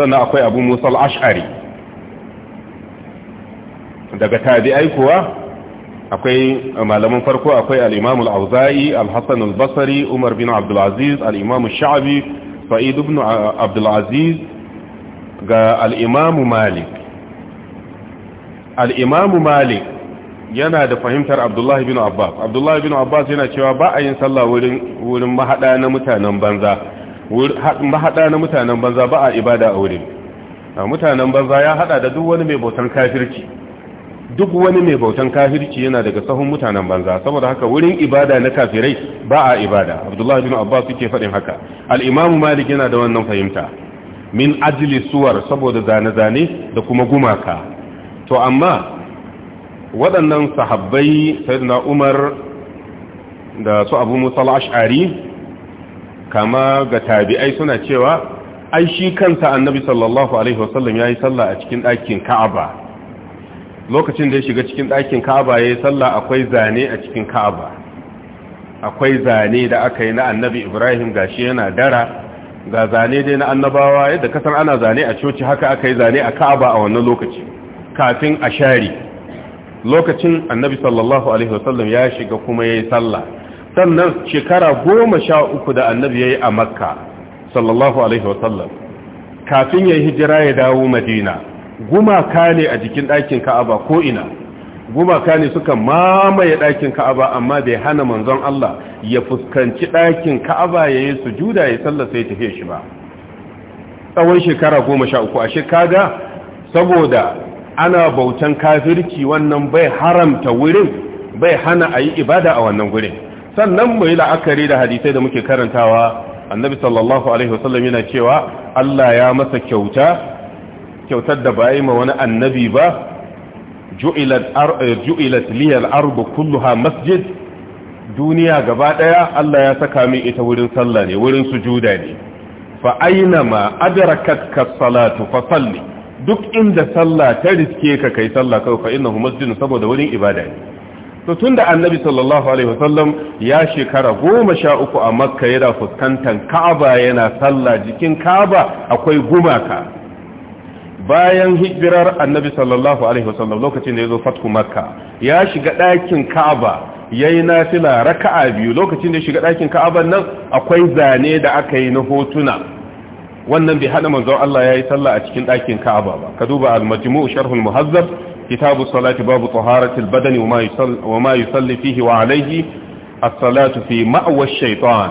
Speaker 1: sannan akwai abu musa ash'ari daga tabi'ai kuwa akwai malamin farko akwai al-imam al-auza'i al-hasan al-basri umar bin abdul aziz al-imam shabi sa'id ibn abdul aziz ga al'imamu malik al'imamu malik yana da fahimtar abdullahi bin abbas abdullahi bin abbas yana cewa ba a yin sallah wurin mahaɗa na mutanen banza mahaɗa na mutanen banza ba a ibada a wurin A mutanen banza ya haɗa da duk wani mai bautan kafirci duk wani mai bautan kafirci yana daga sahun mutanen banza saboda haka wurin ibada na kafirai ba a ibada abdullahi bin abbas suke faɗin haka al'imamu malik yana da wannan fahimta min ajili suwar saboda zane-zane da kuma gumaka to amma waɗannan sahabbai sayyidina umar da su abu musal ash'ari kama ga tabi'ai suna cewa ai shi kansa annabi sallallahu alaihi wasallam ya yi sallah a cikin ɗakin ka'aba lokacin da ya shiga cikin ɗakin ka'aba ya yi sallah akwai zane a cikin ka'aba akwai zane da aka yi na annabi ibrahim gashi yana dara ga zane dai na annabawa yadda kasar ana zane a coci haka aka yi zane a ka'aba a wannan lokaci kafin a shari lokacin annabi sallallahu alaihi wasallam ya shiga kuma ya yi sallah sannan shekara goma sha uku da annabi ya yi a makka sallallahu alaihi wasallam kafin ya yi hijira ya dawo madina gumaka ne a jikin ɗakin ka'aba ko ina gumaka ne suka mamaye ɗakin ka'aba amma bai hana manzon Allah ya fuskanci ɗakin ka'aba ya yi sujuda ya sallasa sai tafiye shi ba tsawon shekara goma sha uku ashe kaga saboda ana bautan kafirci wannan bai haramta wurin bai hana a yi ibada a wannan wurin. sannan mai la'akari da hadisai da muke karantawa annabi sallallahu alaihi wasallam yana cewa Allah ya masa kyauta kyautar da ba yi ma wani annabi ba Eh, ju'ilat liyal ardu kulluha masjid duniya gaba daya Allah ya saka min ita wurin sallah ne wurin sujuda ne fa aina ma adrakatka salatu fa salli duk inda sallah ta riske ka kai sallah kawai fa innahu masjidun saboda wurin ibada ne to tunda annabi sallallahu alaihi wasallam ya shekara goma sha uku a makka yana fuskantar ka'aba yana sallah jikin ka'aba akwai gumaka bayan hijirar annabi sallallahu alaihi wasallam lokacin da ya zo fatku makka ya shiga ɗakin ka'aba ya yi nafila raka'a biyu lokacin da ya shiga ɗakin ka'aban nan akwai zane da aka yi na hotuna wannan bai hana manzon Allah ya yi sallah a cikin ɗakin ka'aba ba ka duba al-majmu' sharhul muhazzab kitabu salati babu taharatil badani wa ma yusalli fihi wa alayhi as-salatu fi ma'wa ash-shaytan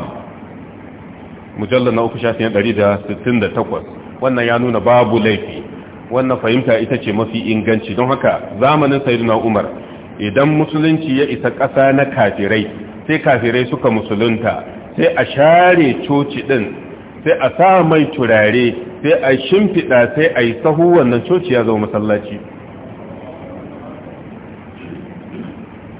Speaker 1: mujallad na 368 wannan ya nuna babu laifi wannan fahimta ita ce mafi inganci don haka zamanin sayyidina umar idan musulunci ya isa ƙasa na kafirai sai kafirai suka musulunta sai a share coci ɗin, sai a sa mai turare sai a shimfiɗa sai a yi sahu wannan coci ya zama masallaci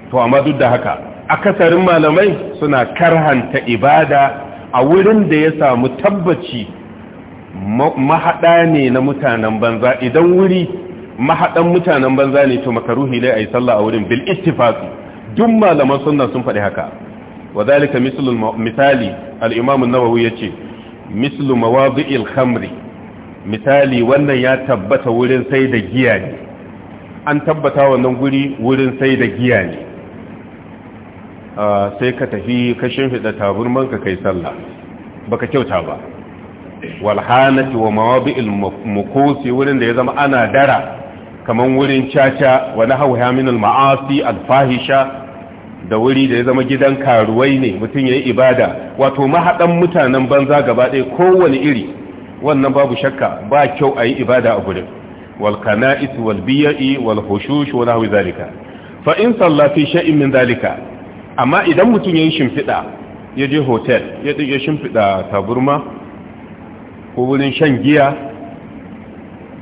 Speaker 1: to amma duk da haka akasarin malamai suna karhanta ibada a wurin da ya samu tabbaci mahaɗa ne na mutanen banza idan wuri mahaɗan mutanen banza ne to makaruhi ne a yi sallah a wurin bil ittifaqi duk malaman sunna sun faɗi haka wa zalika misali al-imam an-nawawi yace mislu mawadi'il khamri misali wannan ya tabbata wurin sai da giya ne an tabbata wannan guri wurin sai da giya ne ah, sai ka tafi ka shimfiɗa taburman ka kai sallah baka kyauta ba walhanati wa mawabi'il mukusi wurin da ya zama ana dara kamar wurin caca wa nahawha min al-ma'asi alfahisha, da wuri da ya zama gidan karuwai ne mutum yayi ibada wato mahaɗan mutanen banza gaba ɗaya kowane iri wannan babu shakka ba kyau ayi ibada a gurin wal qana'is wal bi'i wal zalika fa in sallafi fi min zalika amma idan mutum yi shimfiɗa, ya je hotel ya shimfiɗa taburma ko wurin shan giya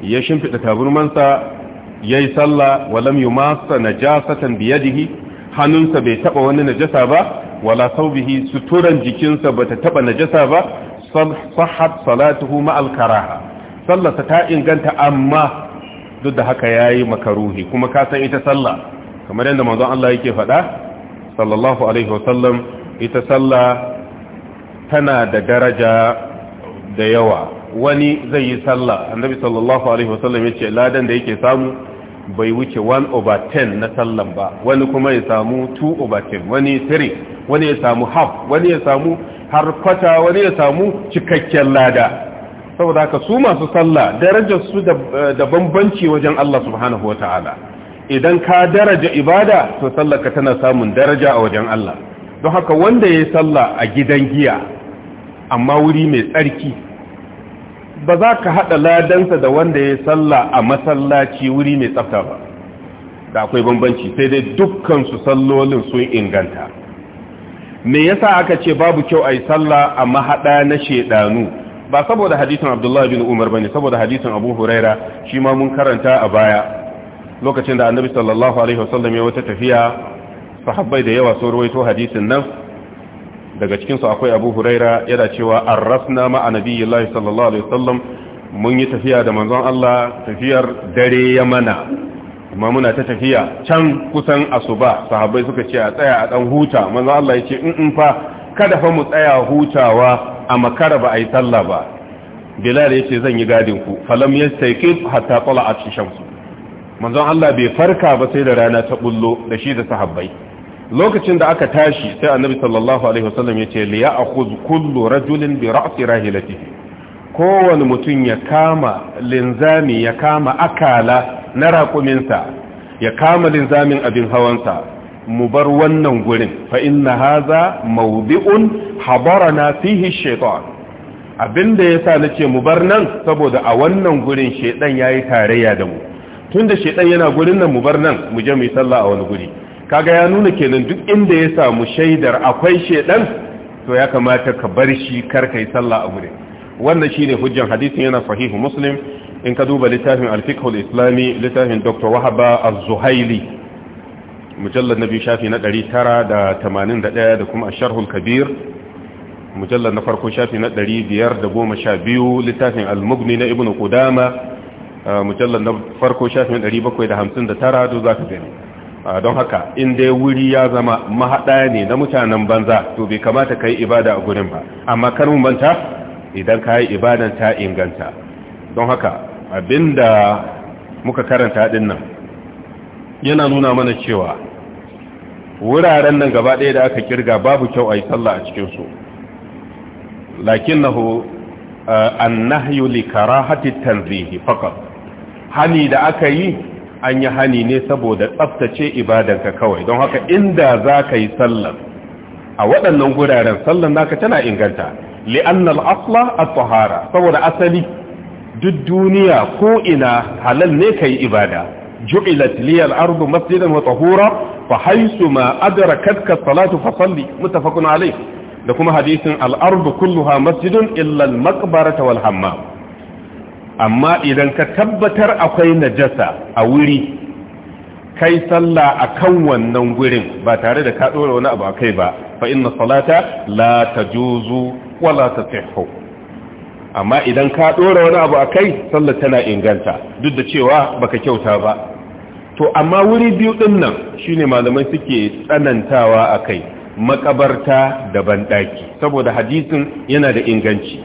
Speaker 1: ya shimfiɗa taburmansa ya yi sallah walam yi masa najasatan biyadihi hannunsa bai taɓa wani najasa ba wala saubihi suturan jikinsa ba ta taɓa najasa ba sahat salatuhu ma'al karaha sallarsa ta inganta amma duk da haka ya yi makaruhi kuma ka san ita sallah kamar yadda manzon Allah yake faɗa sallallahu alaihi wasallam ita sallah tana da daraja da yawa wani zai yi sallah annabi sallallahu alaihi wasallam ya ce ladan da yake samu bai wuce 1 over 10 na sallan ba wani kuma ya samu 2 over 10 wani 3 wani ya samu half wani ya samu har kwata wani ya samu cikakken lada saboda haka su masu sallah darajar su da bambanci wajen Allah subhanahu wataala idan ka daraja ibada to sallarka tana samun daraja a wajen Allah don haka wanda ya yi sallah a gidan giya amma wuri mai tsarki ba za ka haɗa ladansa da wanda ya salla a masallaci wuri mai tsafta ba da akwai bambanci sai dai dukkan su sallolin sun inganta me yasa aka ce babu kyau a yi salla a mahaɗa na shaidanu ba saboda hadisun abdullahi bin umar ba ne saboda hadisin abu huraira shi ma mun karanta a baya lokacin da annabi sallallahu alaihi wasallam ya wata tafiya sahabbai da yawa sun rawaito hadisin nan daga cikinsu akwai abu huraira yana cewa arrasna ma'a nabiyyillahi sallallahu alaihi wasallam mun yi tafiya da manzon Allah tafiyar dare ya mana amma muna ta tafiya can kusan asuba sahabbai suka ce a tsaya a dan huta manzon Allah ya ce in in fa kada fa mu tsaya hutawa a makara ba a yi sallah ba bilal ya ce zan yi gadin ku falam yastaqib hatta tala'at shamsu manzon Allah bai farka ba sai da rana ta bullo da shi da sahabbai lokacin da aka tashi sai annabi sallallahu alaihi wasallam yace li ya'khudh kullu rajulin bi ra'si rahilatihi kowane mutum ya kama linzami ya kama akala na raƙuminsa ya kama linzamin abin hawansa mu bar wannan gurin fa inna haza mawdi'un habarna fihi shaytan abinda yasa nace mu bar nan saboda a wannan gurin shaytan yayi tarayya da mu tunda shaytan yana gurin nan mu bar nan mu je mu yi sallah a wani guri kaga ya nuna kenan duk inda ya samu shaidar akwai shedan to ya kamata ka bar shi kar kai sallah a gure wannan shine hujjan hadisin yana sahihu muslim in ka duba littafin al-fiqh al-islami littafin dr wahaba az-zuhaili mujallad nabi shafi na 981 da kuma ash-sharh al-kabir mujallad na farko shafi na 512 littafin al-mughni na ibnu qudama mujallad na farko shafi na 759 to zaka gani don haka in dai wuri ya zama mahaɗa ne na mutanen banza to bai kamata ka yi ibada a gurin ba amma kar manta idan ka yi ibadan ta inganta don haka abinda muka karanta ɗin nan yana nuna mana cewa wuraren nan gaba ɗaya da aka kirga babu kyau a yi sallah a cikinsu lakin an nahyu li karahati tanzihi faqat hani da aka yi an yi hani ne saboda tsaftace ibadanka kawai don haka inda za ka yi sallar a waɗannan guraren sallar naka tana inganta li'annal asla a tsohara. saboda asali duk duniya ko ina halal ne ka yi ibada ju'ilat liyal ardu masjidan wa tahura fa haisu ma adrakatka salatu fa salli muttafaqun da kuma hadisin al'ardu kulluha masjidun illa al maqbarata wal hammam amma idan ka tabbatar akwai najasa a wuri kai sallah a kan wannan gurin ba tare da ka ɗora wani abu a kai ba fa inna salata la ta juzu wa la amma idan ka ɗora wani abu a kai sallah tana inganta duk da cewa baka kyauta ba to amma wuri biyu ɗin nan shine malamai suke tsanantawa a kai makabarta da banɗaki saboda hadisin yana da inganci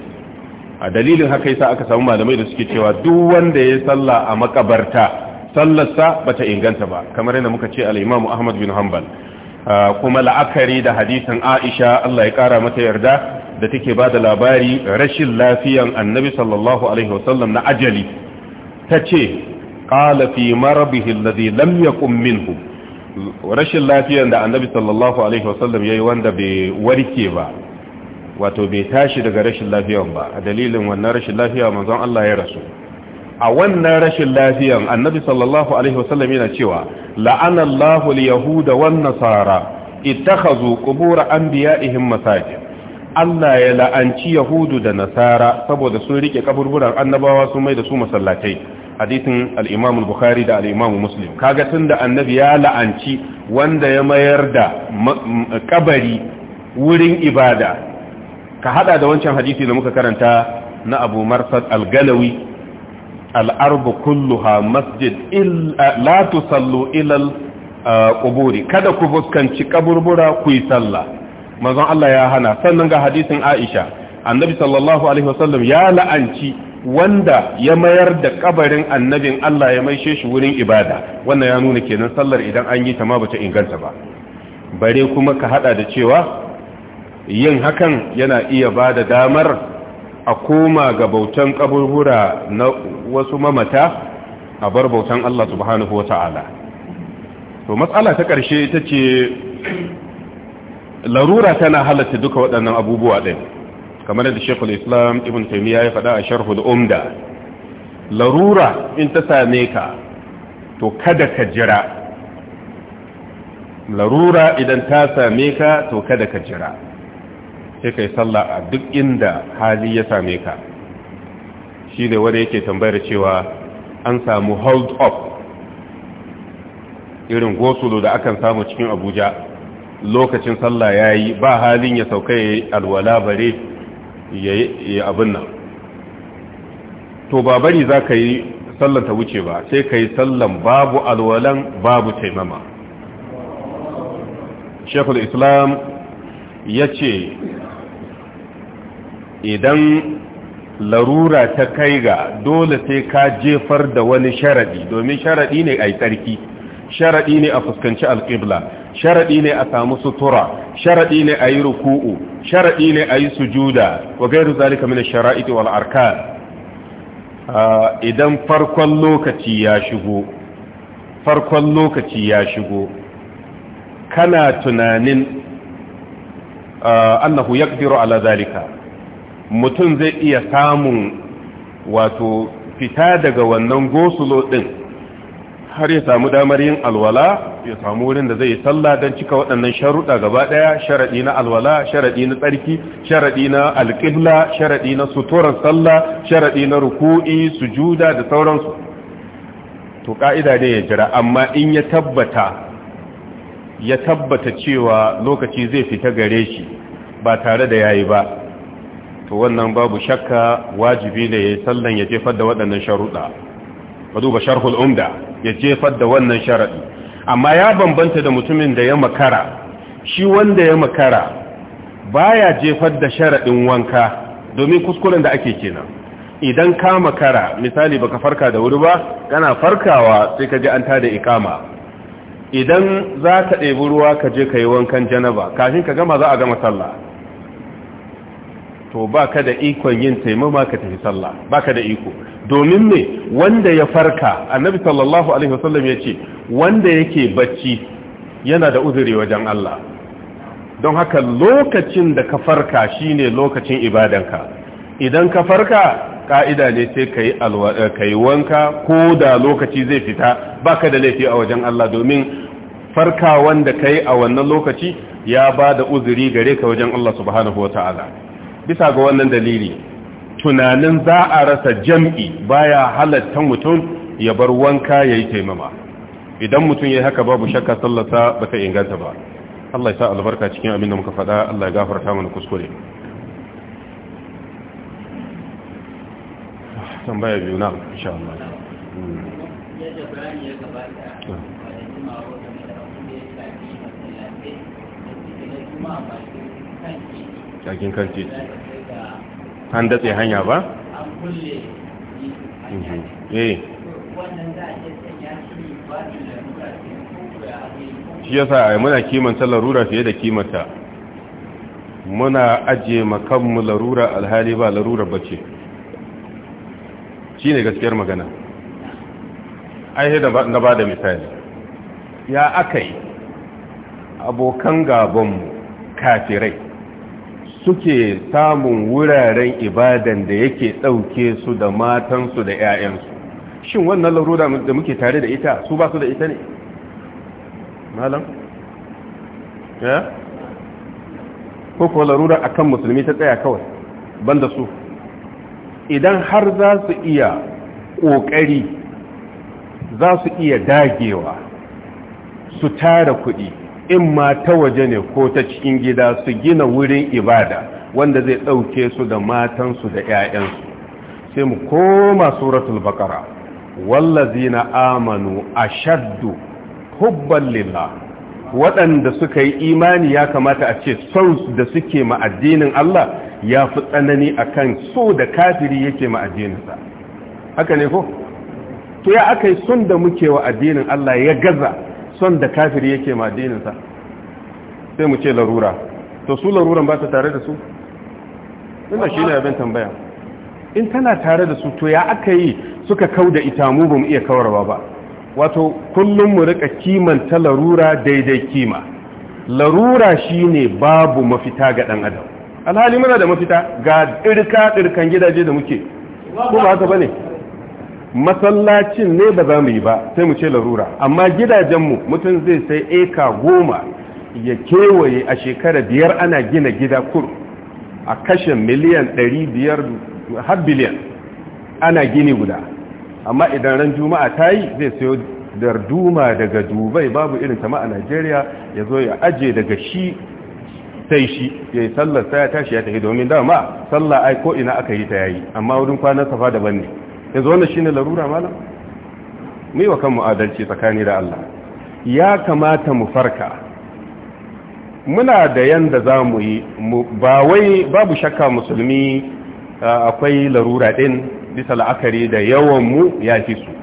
Speaker 1: a dalilin haka yasa aka samu malamai da suke cewa duk wanda ya salla a makabarta sallarsa bata inganta ba kamar yadda muka ce al-Imam Ahmad bin Hanbal kuma la'akari da hadisin Aisha Allah ya kara mata yarda da take bada labari rashin lafiyan Annabi sallallahu alaihi wasallam na ajali tace qala fi marabihi alladhi lam yakum minhu rashin lafiyan da Annabi sallallahu alaihi wasallam yayi wanda bai warke ba wato bai tashi daga rashin lafiyan ba a dalilin wannan rashin lafiya manzon Allah ya rasu a wannan rashin lafiyan annabi sallallahu alaihi wasallam yana cewa la'ana Allahu al-yahuda wan nasara ittakhazu qubur anbiya'ihim masajid Allah ya la'anci yahudu da nasara saboda sun rike kaburburan annabawa sun mai da su masallatai hadisin al-imam al-bukhari da al-imam muslim kaga tunda annabi ya la'anci wanda ya mayar da kabari wurin ibada ka hada da wancan hadisi da muka karanta na abu marsad al-galawi al'arbu kulluha masjid la tusallu ilal kuburi kada ku fuskanci kaburbura ku yi sallah manzon Allah ya hana sannan ga hadisin Aisha annabi sallallahu alaihi wasallam ya la'anci wanda ya mayar da kabarin annabin Allah ya maishe shi wurin ibada wannan ya nuna kenan sallar idan an yi ta ma bata inganta ba bare kuma ka hada da cewa yin hakan yana iya ba da damar a koma ga bautan kaburbura na wasu mamata a bar bautan Allah subhanahu wa ta'ala to matsala ta ƙarshe ita ce larura tana halatta duka waɗannan abubuwa ɗin kamar da shekul islam ibn taimiyya ya faɗa a sharhul umda larura in ta same ka to kada ka jira larura idan ta same ka to kada ka jira sai yi sallah a duk inda hali ya same ka shi ne wanda yake tambayar cewa an samu hold up irin gosulo da akan samu cikin abuja lokacin sallah ya yi ba halin ya sauka ya yi alwala bare ya yi abin nan to ba bari za ka yi sallan ta wuce ba sai ka yi sallan babu alwalan babu taimama shekul islam ya ce idan larura ta kai ga dole sai ka jefar da wani sharadi domin sharadi ne a tsarki sharadi ne a fuskanci alƙibla sharadi ne a samu sutura sharadi ne a yi ruku'u sharadi ne a yi sujuda wa gairu zalika mina sharaiti wal arkan ah, idan farkon lokaci ya shigo farkon lokaci ya shigo kana tunanin ah, annahu yaqdiru ala zalika mutum zai iya samun wato fita daga wannan gosulo ɗin har ya samu damar yin alwala ya samu wurin da zai yi sallah don cika waɗannan sharuɗa gaba ɗaya sharaɗi na alwala sharaɗi na tsarki sharaɗi na alƙibla sharaɗi na suturar sallah sharaɗi na ruku'i sujuda da sauransu to ƙa'ida ne ya jira amma in ya tabbata ya tabbata cewa lokaci zai fita gare shi ba tare da yayi ba to wannan babu shakka wajibi ne ya sallan ya jefar da waɗannan sharuɗa ba duba sharhul umda ya jefar da wannan sharaɗi amma ya bambanta da mutumin da ya makara shi wanda ya makara baya jefar da sharaɗin wanka domin kuskuren da ake kenan idan ka makara misali baka farka da wuri ba kana farkawa sai ka ji an tada ikama idan za ka ɗebi ruwa ka je ka yi wankan janaba kafin ka gama za a gama sallah to ba ka da ikon yin taimama ka tafi sallah ba ka da iko domin me wanda ya farka annabi sallallahu alaihi wasallam ce, wanda yake bacci yana da uzuri wajen Allah don haka lokacin da ka farka shine lokacin ibadanka idan ka farka ka'ida ne sai kai eh, kai wanka ko da lokaci zai fita Ba ka da laifi a wajen Allah domin farka wanda kai a wannan lokaci ya ba da uzuri gare ka wajen Allah subhanahu ta'ala. bisa ga wannan dalili tunanin za a rasa jam'i baya halatta mutum ya bar wanka ya yi taimama idan mutum ya haka babu shakka sallata ba ta inganta ba Allah ya sa albarka cikin abin da muka faɗa Allah ya gafarta mana kuskure tambaya biyu jakin kan titi an datse hanya ba? Mhm. Eh. shi yasa a muna kimanta larura fiye da kimanta muna ajiye makammu larura alhali ba larura bace shi ne gaskiyar magana aihe na ba da misali ya aka yi abokan gabanmu kafirai suke samun wuraren ibadan da yake ɗauke su da matansu da 'ya'yansu shin wannan larura da muke tare da ita su ba su da ita ne malam ya ko kuwa larura akan musulmi ta tsaya kawai banda su idan har za su iya ƙoƙari za su iya dagewa su tara kuɗi in ma ta waje ne ko ta cikin gida su gina wurin ibada wanda zai ɗauke su da matansu da 'ya'yansu sai mu koma suratul baqara wallazina amanu ashaddu hubban lillah waɗanda suka yi imani ya kamata a ce son da suke ma addinin Allah ya fi tsanani akan so da kafiri yake ma sa haka ne ko to ya akai sun da muke wa addinin Allah ya gaza son da kafiri yake ma dininsa sai mu ce larura to su laruran ba ta tare da su ina shi ne abin tambaya in tana tare da su to ya aka yi suka kau da ita mu ba mu iya kawarwa ba wato kullum mu rika ta larura daidai kima larura shine babu mafita ga dan adam alhali muna da mafita ga ɗirka-ɗirkan gidaje da muke ko ba haka bane masallacin ne ba za mu yi ba sai mu ce larura amma gidajenmu mutum zai sai eka goma ya kewaye a shekara biyar ana gina gida kur a kashe miliyan ɗari biyar har biliyan ana gini guda amma idan ran juma'a ta yi zai sayo darduma daga dubai babu irin sama a najeriya ya zo ya aje daga shi sai shi ya yi sallar ya tashi ya tafi domin dama sallar ai ko ina aka yi ta yayi amma wurin kwanan safa daban ne yanzu wannan shine larura malam mu yi wa kanmu adalci tsakani da Allah ya kamata mu farka muna da yanda za mu yi ba wai babu shakka musulmi akwai larura ɗin bisa la'akari da yawan mu ya fi su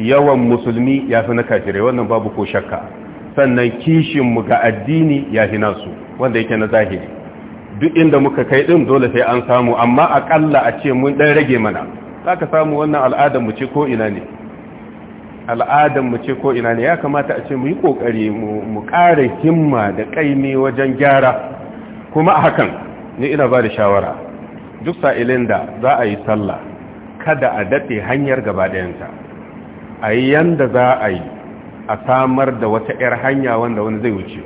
Speaker 1: yawan musulmi ya fi na kafire wannan babu ko shakka sannan kishin mu ga addini ya fi nasu wanda yake na zahiri duk inda muka kai ɗin dole sai an samu amma akalla a ce mun dan rage mana za ka samu wannan al'adar mu ce ko ina ne al'adar mu ce ko ina ne ya kamata a ce mu yi kokari mu ƙara himma da ƙaimi wajen gyara kuma hakan ni ina ba da shawara duk sa'ilin da za a yi sallah kada a daɗe hanyar gaba ɗayanta a yi yanda za a yi a samar da wata 'yar hanya wanda wani zai wuce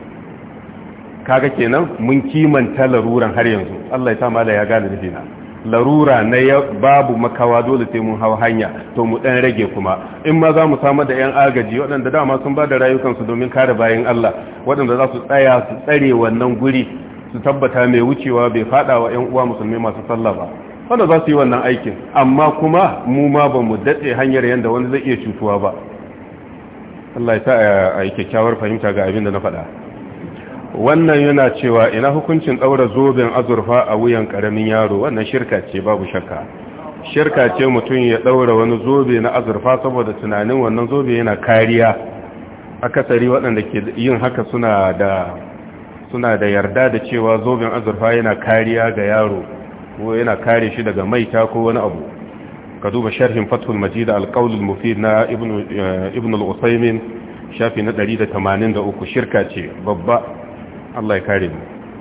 Speaker 1: kaga kenan mun kimanta laruran har yanzu Allah ya ta mala ya gane da dina larura na babu makawa dole sai mun hau hanya to mu dan rage kuma in ma za mu samar da yan agaji waɗanda dama sun ba da rayukansu domin kare bayan Allah waɗanda za su tsaya su tsare wannan guri su tabbata mai wucewa bai fada wa yan uwa musulmi masu sallah ba wanda za su yi wannan aikin amma kuma mu ma ba mu daɗe hanyar yadda wani zai iya cutuwa ba Allah ya sa a yi kyakkyawar fahimta ga abin da na faɗa wannan yana cewa ina hukuncin ɗaura zoben azurfa a wuyan ƙaramin yaro wannan shirka ce babu shakka shirka ce mutum ya ɗaura wani zobe na azurfa saboda tunanin wannan zobe yana kariya akasari waɗanda ke yin haka suna da suna da yarda da cewa zoben azurfa yana kariya ga yaro ko yana kare shi daga maita ko wani abu ka duba sharhin fathul majid al mufid na ibn eh, ibn al-usaymin shafi na 183 shirka ce babba Allah ya kare mu